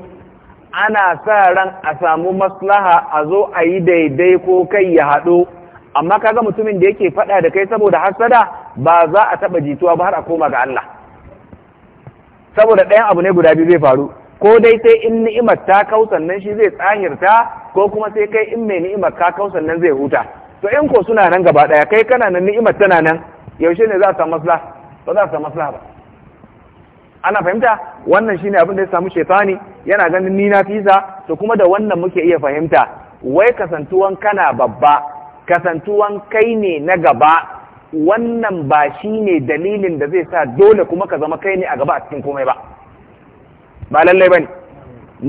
ana sa ran a samu maslaha a zo a yi daidai ko kai ya haɗu amma kaga mutumin da yake faɗa da kai saboda hasada ba za a taɓa jituwa ba har a koma ga Allah saboda ɗayan abu ne guda biyu zai faru ko dai sai in ni'imar ta kau sannan shi zai tsahirta ko kuma sai kai in mai ni'imar ka kau sannan zai huta to in ko suna nan gaba daya kai kana nan ni'imar tana nan yaushe ne za a samu masla ba za a samu ba ana fahimta wannan shine abin da ya samu shaitani yana ganin ni na fisa to kuma da wannan muke iya fahimta wai kasantuwan kana babba kasantuwan kai ne na gaba wannan ba shi ne dalilin da zai sa dole kuma ka zama kai ne a gaba a cikin komai ba ba lallai ba ne.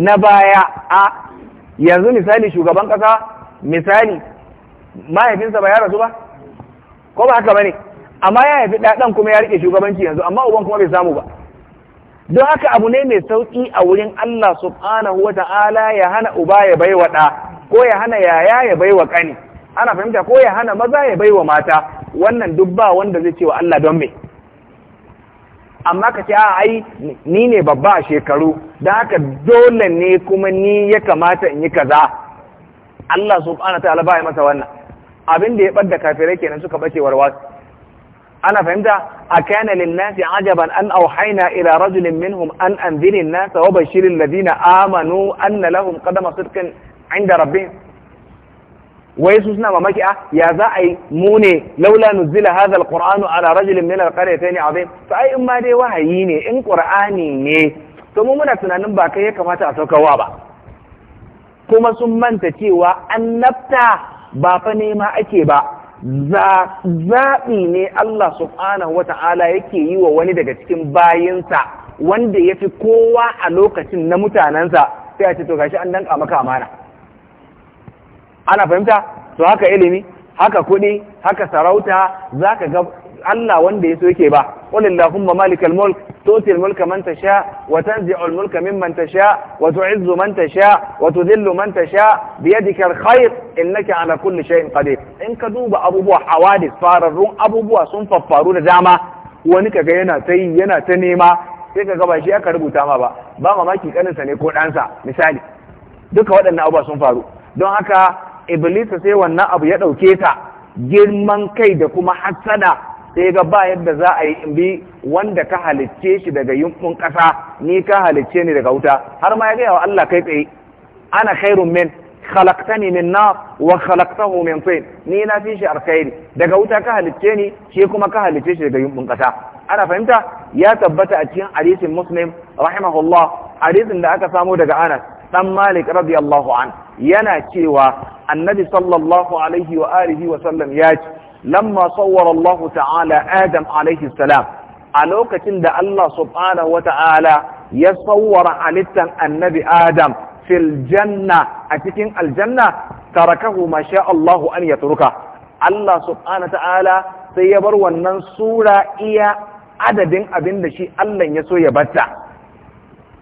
na baya a yanzu misali shugaban kasa misali mahaifinsa ba ya rasu ba ko ba haka ba ne? amma ya haifi ɗaɗan kuma ya rike shugabanci yanzu amma uban kuma bai samu ba don haka abu ne mai sauƙi a wurin Allah subhanahu wa ta'ala ya hana uba ya bai wa ɗa ko ya hana yaya ya bai wa ƙani ana fahimta ko ya hana maza ya bai wa mata wannan duk ba wanda zai ce wa Allah don me amma ka ce a ai ni ne babba a shekaru Da haka dole ne kuma ni ya kamata in yi kaza Allah subhanahu wa ba ya masa wannan abin da ya ɓadda kafirai kenan suka bace warwas ana fahimta a kana linnasi ajaban an auhaina ila rajulin minhum an anzirin nasa wa bashirin ladina amanu anna lahum qadama sidqin inda rabbihim wai su suna mamaki a ah, ya za a yi mune laula nuzila hadha alqur'anu ala rajulin min alqaryatayn azim fa ai in ma dai wahayi ne in qur'ani ne to mu muna tunanin ba kai ya kamata a saukarwa ba kuma sun manta cewa annabta ba fa nema ake ba zaɓi ne Allah subhanahu wa ta'ala yake yi wa wani daga cikin bayinsa wanda ya fi kowa a lokacin na mutanensa sai a ce to gashi an danka maka amana ana fahimta to haka ilimi haka kuɗi haka sarauta zaka ga Allah wanda ya so yake ba qul allahumma malikal mulk tu'ti al mulka man tasha wa tanzi'u al mimman tasha wa tu'izzu man tasha wa tudhillu man tasha bi yadika al innaka ala kulli shay'in qadir in ka duba abubuwa hawadis fararrun abubuwa sun faffaru da dama wani kaga yana ta yi yana ta nema sai kaga ba shi aka rubuta ma ba ba mamaki kaninsa ne ko ɗansa misali duka waɗannan abubuwa sun faru don haka iblisa sai wannan abu ya ɗauke ta girman kai da kuma hassada sai ga ba yadda za a yi in bi wanda ka halicce shi daga yunkun ƙasa ni ka halicce ni daga wuta har ma ya gaya wa Allah kai tsaye ana khairun min khalaqtani min nar wa khalaqtahu min tin ni na fi shi alkhairi daga wuta ka halicce ni shi kuma ka halicce shi daga yunkun ƙasa ana fahimta ya tabbata a cikin hadisin muslim rahimahullah hadisin da aka samo daga anas dan Malik radiyallahu an yana cewa annabi sallallahu alaihi wa alihi wa sallam ya ce lamma sawwara Allah ta'ala Adam alaihi salam a lokacin da Allah subhanahu wa ta'ala ya sawwara halittan annabi Adam fil janna a cikin aljanna tarakahu ma sha ya an yatruka Allah subhanahu wa ta'ala sai ya bar wannan sura iya adadin abin da shi Allah ya so ya batta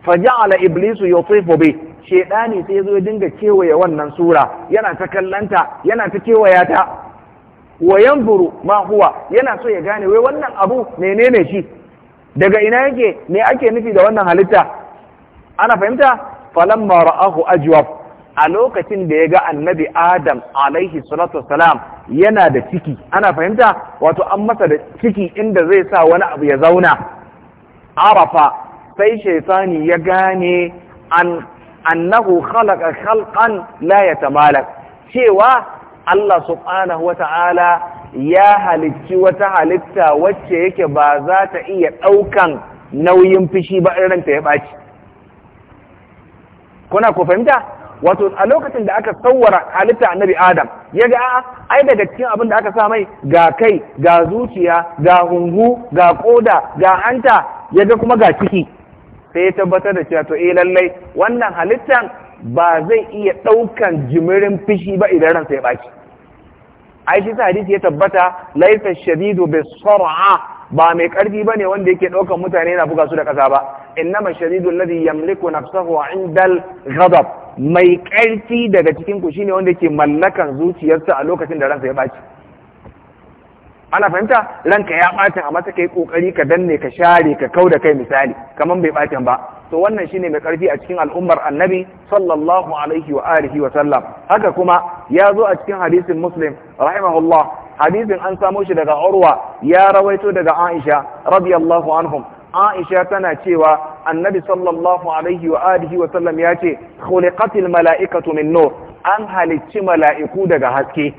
faja'ala iblisu yutifu bi shedani sai ya zo ya dinga kewaye wannan sura yana ta kallanta yana ta kewaya ta wa yanzuru ma huwa yana so ya gane wai wannan abu menene shi daga ina yake me ake nufi da wannan halitta ana fahimta falamma ra'ahu ajwab a lokacin da ya ga annabi adam alaihi salatu wassalam yana da ciki ana fahimta wato an masa da ciki inda zai sa wani abu ya zauna arafa sai shaitani ya gane an annahu khalaqa khalqan la yatamalak cewa Allah subhanahu wata'ala ya halicci wata halitta wacce yake ba za ta iya ɗaukan nauyin fishi ba irin ta ya baci kuna ku fahimta wato a lokacin da aka tsawara halitta annabi adam ya ga a'a ai daga cikin abin da aka sa mai ga kai ga zuciya ga hungu ga koda ga hanta ya ga kuma ga ciki sai ya tabbatar da cewa to eh lallai wannan halittan ba zai iya ɗaukan jimirin fishi ba idan ransa ya baki ai shi hadisi ya tabbata laisa shadidu bi ba mai karfi bane wanda yake ɗaukan mutane yana buga su da ƙasa ba innama shadidu alladhi yamliku nafsahu 'inda ghadab mai karfi daga cikin ku shine wanda yake mallakan zuciyarsa a lokacin da ransa ya baci ana fahimta ranka ya bacin a ta kai kokari ka danne ka share ka kauda kai misali kaman bai bacin ba to wannan shine mai karfi a cikin al'ummar annabi sallallahu alaihi wa alihi wa sallam haka kuma ya zo a cikin hadisin muslim rahimahullah hadisin an samo shi daga urwa ya rawaito daga aisha radiyallahu anhum aisha tana cewa annabi sallallahu alaihi wa alihi wa sallam ya ce khuliqatil mala'ikatu min nur an halicci mala'iku daga haske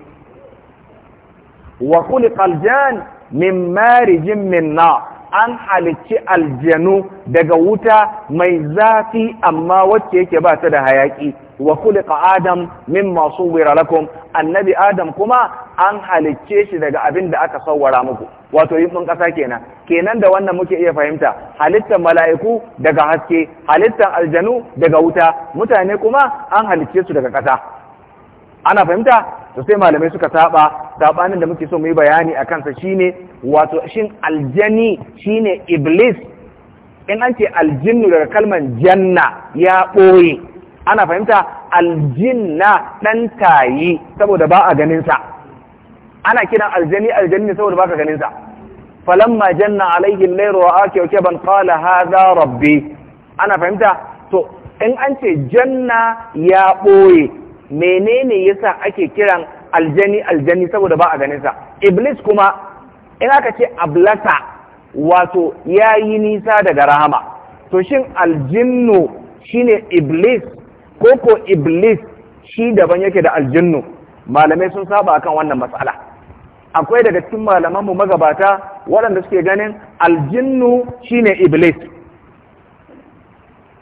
wa khuliqal jan min marijin min na an halicci aljanu daga wuta mai zafi amma wacce yake ba ta da hayaki wa khuliqa adam min masu lakum annabi adam kuma an halicce shi daga abin da aka sawwara muku wato yimbin kasa kenan kenan da wannan muke iya fahimta halittar mala'iku daga haske halittar aljanu daga wuta mutane kuma an halicce su daga kasa ana fahimta to sai malamai suka saba sabanin da muke so mu yi bayani a kansa shine wato shin aljani shine iblis in an ce aljinnu daga kalman janna ya ɓoye ana fahimta aljinna ɗan tayi saboda ba a ganinsa ana kiran aljani aljani ne saboda ba ka ganinsa falamma janna alaihi lairu wa ake yauke ban kala hada rabbi ana fahimta to in an ce janna ya ɓoye menene yasa ake kiran aljani aljani saboda ba a ganin sa iblis kuma in aka ce ablata wato yayi nisa daga rahama to shin aljinnu shine iblis Koko iblis shi daban yake da aljinnu malamai sun saba akan wannan matsala akwai daga cikin malaman mu magabata waɗanda suke ganin aljinnu shine iblis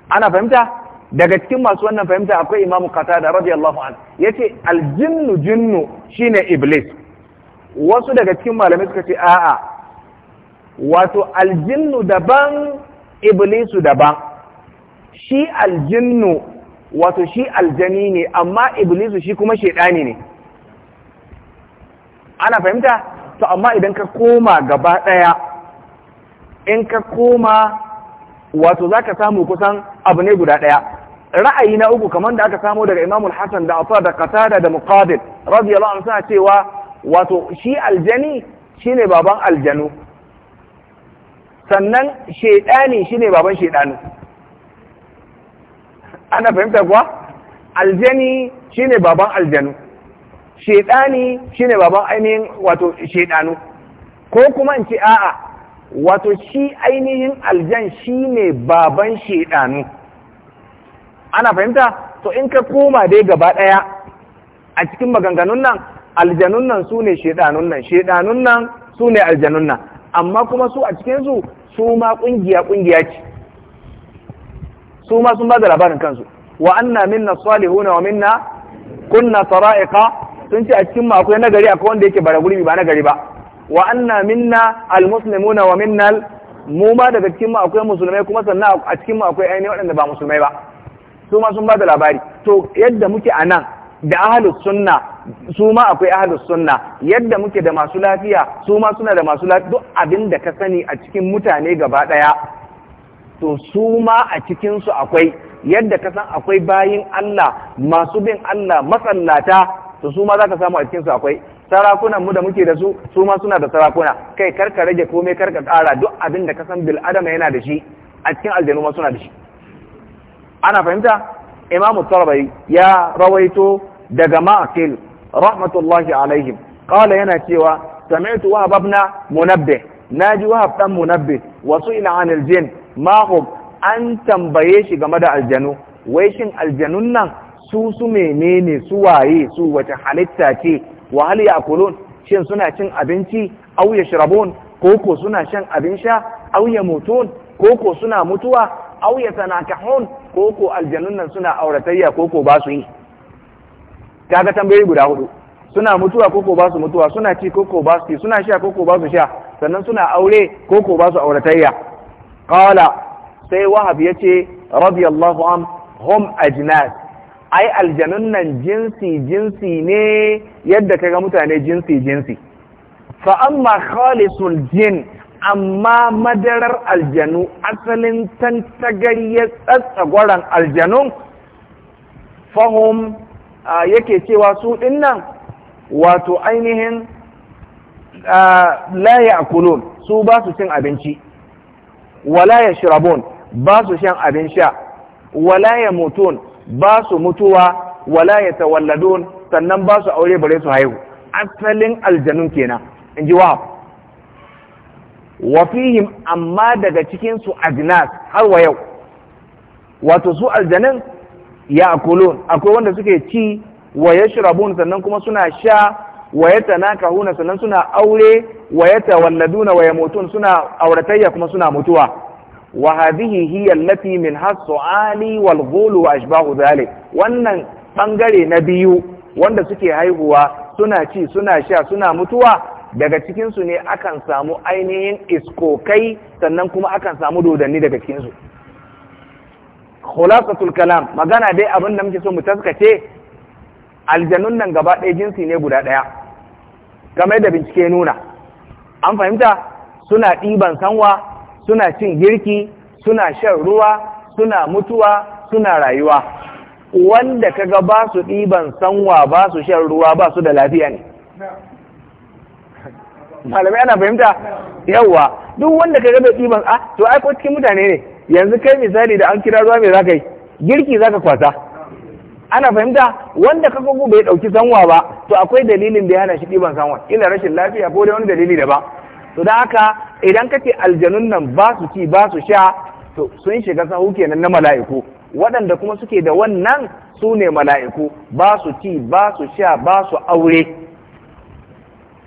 ana fahimta daga cikin masu wannan fahimta akwai imamu da radiyallahu an ya ce aljinnu jinnu shine iblis wasu daga cikin malamai suka ce a'a wato aljinnu daban iblisu daban shi aljinnu wato shi aljani ne amma iblisu shi kuma shaidani ne ana fahimta to amma idan ka koma gaba daya in ka koma wato za ka samu kusan abu ne guda ɗaya. ra'ayi na uku kamar da aka samo daga Imam al Hassan da Afa da Qatada da Muqabil radiyallahu anhu suna cewa wato shi aljani shine baban aljanu sannan shedani shine baban shedanu ana fahimta kuwa aljani shine baban aljanu shedani shine baban ainihin wato shedanu ko kuma in ce a'a wato shi ainihin aljan shine baban shedanu ana fahimta to in ka koma dai gaba ɗaya a cikin maganganun nan aljanun nan su ne shedanun nan shedanun nan su ne aljanun nan amma kuma su a cikinsu su ma ƙungiya ƙungiya ce su ma sun ba da labarin kansu wa anna minna salihun wa minna kunna sara'iqa sun ce a cikin mu akwai nagari akwai wanda yake bara gurbi ba nagari ba wa anna minna almuslimuna wa minnal mu ma daga cikin mu akwai musulmai kuma sannan a cikin mu akwai ainihin waɗanda ba musulmai ba su ma sun ba da labari to yadda muke a nan da ahlus sunna su ma akwai ahlus sunna yadda muke da masu lafiya su ma suna da masu lafiya duk abin da ka sani a cikin mutane gaba ɗaya to su ma a cikin su akwai yadda ka san akwai bayin Allah masu bin Allah masallata to su ma zaka samu a cikin su akwai sarakunan mu da muke da su su ma suna da sarakuna kai karka rage komai karka ƙara. duk abin da ka san bil yana da shi a cikin aljanu ma suna da shi ana fahimta imam tarbai ya rawaito daga ma'akil rahmatullahi alaihim qala yana cewa sami'tu wahab ibn munabbih naji wahab dan munabbi wa su'ila 'anil jin ma hum an tambaye shi game da aljanu wai shin aljanun nan su su menene su waye su wace halitta ce wa hal ya'kulun shin suna cin abinci aw yashrabun koko suna shan abin sha aw yamutun koko suna mutuwa aw yatanakahun Koko ko nan suna auratayya koko ba su yi kaga tambayoyi guda hudu suna mutuwa koko ko ba su mutuwa suna ci koko ba su ci suna sha koko ba su sha sannan suna aure ko ko ba su auratayya qala sai wahab yace radiyallahu an hum ajnas ai aljanunnan nan jinsi jinsi ne yadda kaga mutane jinsi jinsi fa amma khalisul jin amma madarar aljanu asalin ya tsatsa gwaran aljanun fahim yake cewa su dinnan wato ainihin la a kulu su ba su cin abinci wala shirabon ba su shan abin sha wala moton ba su mutuwa wala tawalladon? sannan ba su aure bare su haihu asalin aljanun kenan in ji wa wa amma daga cikin su ajnas har wa yau wato su aljanin ya akulun akwai wanda suke ci wa yashrabun sannan kuma suna sha wa yatanakahuna sannan suna aure wa yatawalladuna wa yamutun suna auratayya kuma suna mutuwa wa hadhihi hiya allati min hasuali wal ghul wa ashbahu dhalik wannan bangare na biyu wanda suke haihuwa suna ci suna sha suna mutuwa daga cikinsu ne akan samu ainihin iskokai sannan kuma akan samu dodanni daga cikinsu khulasatul kalam magana dai abin da muke so mu taskace aljanun nan gaba ɗaya jinsi ne guda ɗaya kamar da bincike nuna an fahimta suna ɗiban sanwa suna cin girki suna shan ruwa suna mutuwa suna rayuwa wanda kaga ba su ɗiban sanwa ba su shan ruwa ba su da lafiya ne malamai ana fahimta yawwa duk wanda ka gaba ɗiban a ah, to ai ko cikin mutane ne yanzu kai misali da an kira ruwa mai zaka yi girki zaka kwasa ana fahimta wanda ka kogo bai ɗauki sanwa ba to akwai dalilin da ya hana shi ɗiban sanwa ila rashin lafiya ko dai wani dalili da ba to da haka idan ka ce aljanun nan ba su ci ba su sha to sun shiga sahu kenan na mala'iku waɗanda kuma suke da wannan su ne mala'iku ba su ci ba su sha ba su aure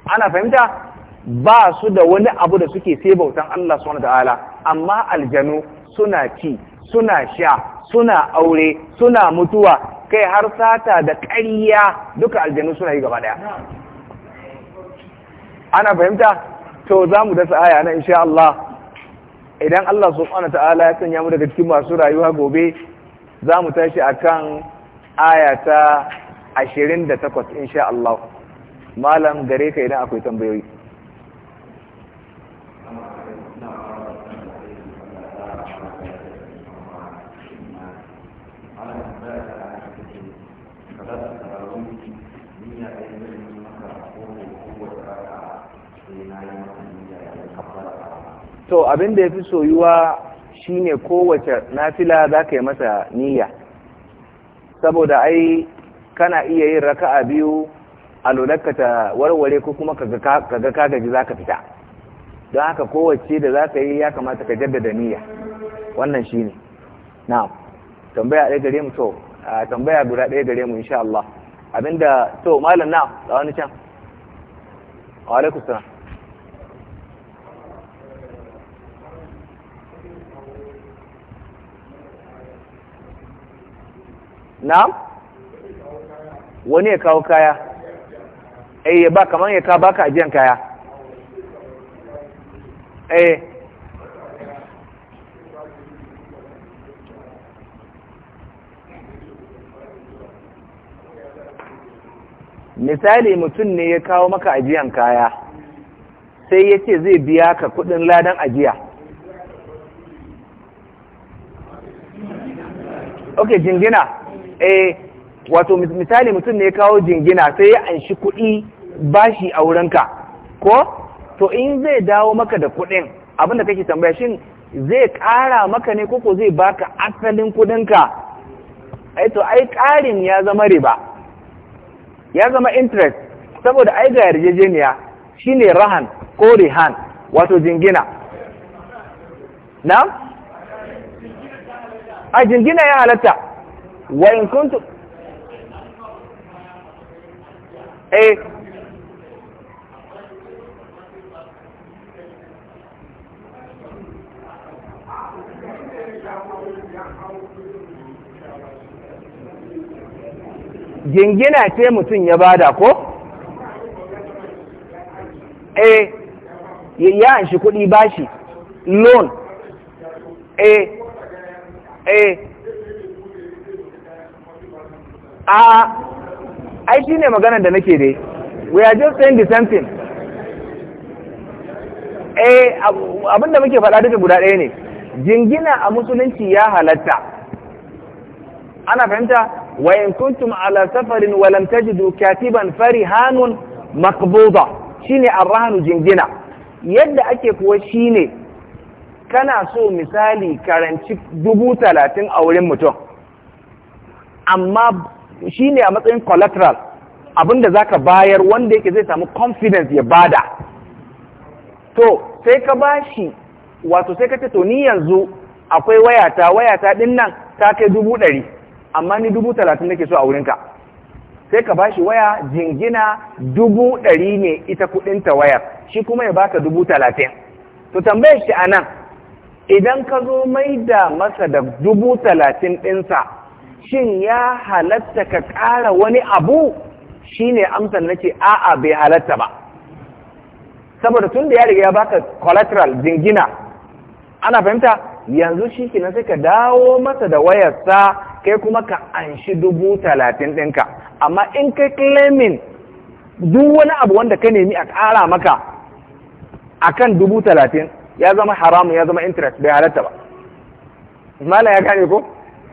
ana fahimta ba su da wani abu da suke sai bautan Allah subhanahu ta'ala amma aljanu suna ci suna sha suna aure suna mutuwa kai har sata da ƙarya duka aljanu suna yi gaba daya ana fahimta to za mu dasa aya na insha Allah idan Allah subhanahu ta'ala ya sanya mu daga cikin masu rayuwa gobe za mu tashi akan aya ta 28 insha Allah malam gare ka idan akwai tambayoyi to abin da ya fi soyuwa shine kowace nafila za ka yi masa niyya saboda ai kana iya yin raka'a biyu a lulakka ta warware ko kuma ka ga ka za ka fita don haka kowace da za ka yi ya kamata ka jaddada niyya wannan shine na tambaya ɗaya gare mu to tambaya guda ɗaya gare mu insha Allah abinda to malam na a wani can wa alaikusa na'am wani ya kawo kaya eh ya ba kamar ya ka baka ajiyan kaya eh misali mutum ne ya kawo maka ajiyan kaya sai ya ce zai biya ka kudin ladan ajiya ok jingina eh wato misali mutum ne ya kawo jingina sai ya anshi kuɗi bashi a wurinka ko to in zai dawo maka da kuɗin abin da kake tambaya shin zai ƙara maka ne koko zai baka asalin kuɗinka ai to ai ƙarin ya zama riba ya zama interest saboda ai ga yarjejeniya shine rahan ko rihan wato jingina na a jingina ya halatta وإن كنت kuntu Gingina eh. jingina ce mutum ya bada ko? E. ya shi kuɗi bashi loan A. Eh. E. a ai shi ne maganar da nake dai we are just saying the same thing eh abinda muke faɗa duka guda ɗaya ne jingina a musulunci ya halatta ana fahimta wa in kuntum ala safarin wa lam tajidu katiban farihanun maqbuda shine arhanu jingina yadda ake kuwa shine kana so misali karanci dubu talatin a wurin mutum amma shi ne a matsayin collateral abinda za ka bayar wanda yake zai samu confidence ya bada to sai ka ba shi wato sai ka ce to ni yanzu akwai wayata wayata din nan ta kai dubu ɗari amma ni dubu talatin nake so a wurinka sai ka ba shi waya jingina dubu ɗari ne ita ta wayar shi kuma ya baka dubu talatin to tambayar shi a nan idan ka zo mai da masa da dubu talatin ɗinsa shin ya halatta ka ƙara wani abu shine amsar nake a'a bai halatta ba saboda tun da ya riga ya baka collateral jingina ana fahimta yanzu shi kina sai ka dawo masa da wayarsa kai kuma ka anshi dubu talatin ɗinka amma in kai claiming duk wani abu wanda ka nemi a ƙara maka a kan dubu talatin ya zama haramun ya zama interest bai halatta ba mala ya gane ko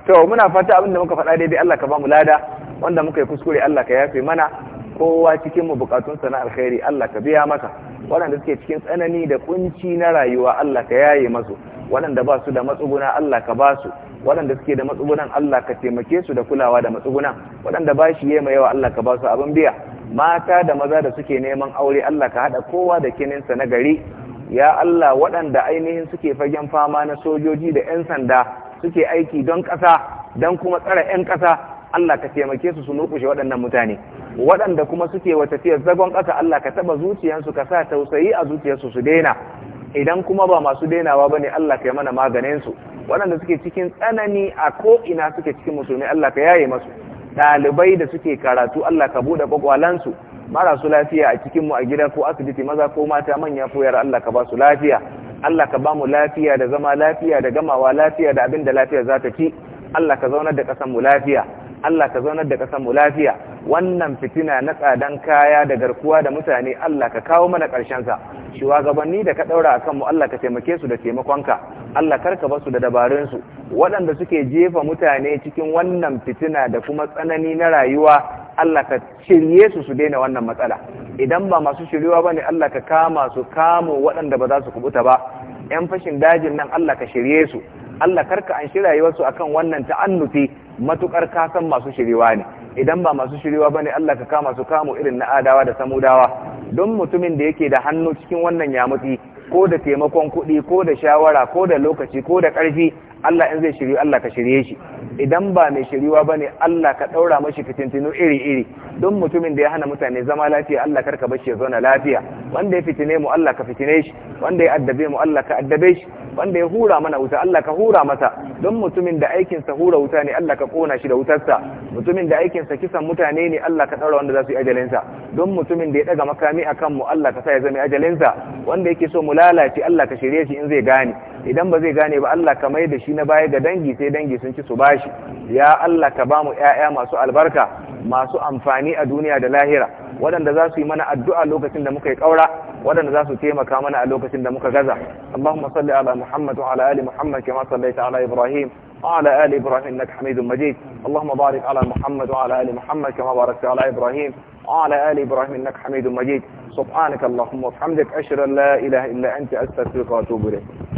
to muna fata abin da muka faɗa daidai Allah ka ba lada wanda muka yi kuskure Allah ka yafe mana kowa cikin mu bukatunsa na alkhairi Allah ka biya masa waɗanda suke cikin tsanani da kunci na rayuwa Allah ka yaye masu waɗanda ba su da matsuguna Allah ka ba su waɗanda suke da matsugunan Allah ka taimake su da kulawa da matsugunan waɗanda ba shi yema yawa Allah ka ba su abin biya mata da maza da suke neman aure Allah ka haɗa kowa da kininsa na gari ya Allah waɗanda ainihin suke fagen fama na sojoji da 'yan sanda suke aiki don ƙasa don kuma tsara 'yan ƙasa Allah ka taimake su su murkushe waɗannan mutane waɗanda kuma suke wa tafiyar zagon ƙasa Allah ka taɓa zuciyarsu ka sa tausayi a zuciyarsu su daina idan kuma ba masu dainawa ba ne Allah ka yi mana maganinsu waɗanda suke cikin tsanani a ko'ina suke cikin musulmi Allah ka yaye masu ɗalibai da suke karatu Allah ka buɗe ƙwaƙwalansu marasu lafiya a cikinmu a gida ko asibiti maza ko mata manya ko yara Allah ka ba su lafiya Allah ka ba mu lafiya da zama lafiya da gamawa lafiya da abin da lafiya za ta ci Allah ka zaunar da kasan mu lafiya Allah ka zaunar da ƙasar mu lafiya wannan fitina na tsadan kaya da garkuwa da mutane Allah ka kawo mana ƙarshen sa shugabanni da ka ɗaura akan mu Allah ka taimake su da taimakonka Allah karka ba su da dabarun su waɗanda suke jefa mutane cikin wannan fitina da kuma tsanani na rayuwa Allah ka shirye su su daina wannan matsala idan ba masu shiryuwa ba ne Allah ka kama su kamo waɗanda ba za su kubuta ba yan fashin dajin nan Allah ka shirye su Allah karka an shi wasu akan wannan ta'annufi matukar kasan masu shiryuwa ne idan ba masu shiryuwa ba ne Allah ka kama su kamo irin na adawa da samudawa don mutumin da yake da hannu cikin wannan yamutsi ko da taimakon kuɗi ko da shawara ko da lokaci ko da ƙarfi Allah in zai shirya, Allah ka shirye shi idan ba mai shiryuwa bane Allah ka daura mashi fitintinu iri iri don mutumin da ya hana mutane zama lafiya Allah karka bashi ya zauna lafiya wanda ya fitine mu Allah ka fitine shi wanda ya addabe mu Allah ka addabe shi wanda ya hura mana wuta Allah ka hura masa don mutumin da aikin sa hura wuta ne Allah ka kona shi da wutarsa mutumin da aikin sa kisan mutane ne Allah ka daura wanda za su yi ajalin sa don mutumin da ya daga makami akan mu Allah ka sa ya zama ajalin sa wanda yake so mu lalace Allah ka shirye shi in zai gane idan ba zai gane ba Allah ka mai da shi na baya ga dangi sai dangi sun ci su bashi ya Allah ka bamu ƴaƴa masu albarka masu amfani a duniya da lahira waɗanda za su yi mana addu'a lokacin da muka yi ƙaura waɗanda za su taimaka mana a lokacin da muka gaza Allahumma salli ala Muhammad wa ala ali Muhammad kama sallaita ala Ibrahim وعلى آل إبراهيم إنك حميد مجيد اللهم بارك على محمد وعلى آل محمد كما باركت على إبراهيم وعلى آل إبراهيم إنك حميد مجيد سبحانك اللهم وبحمدك أشهد أن لا إله إلا أنت أستغفرك وأتوب إليك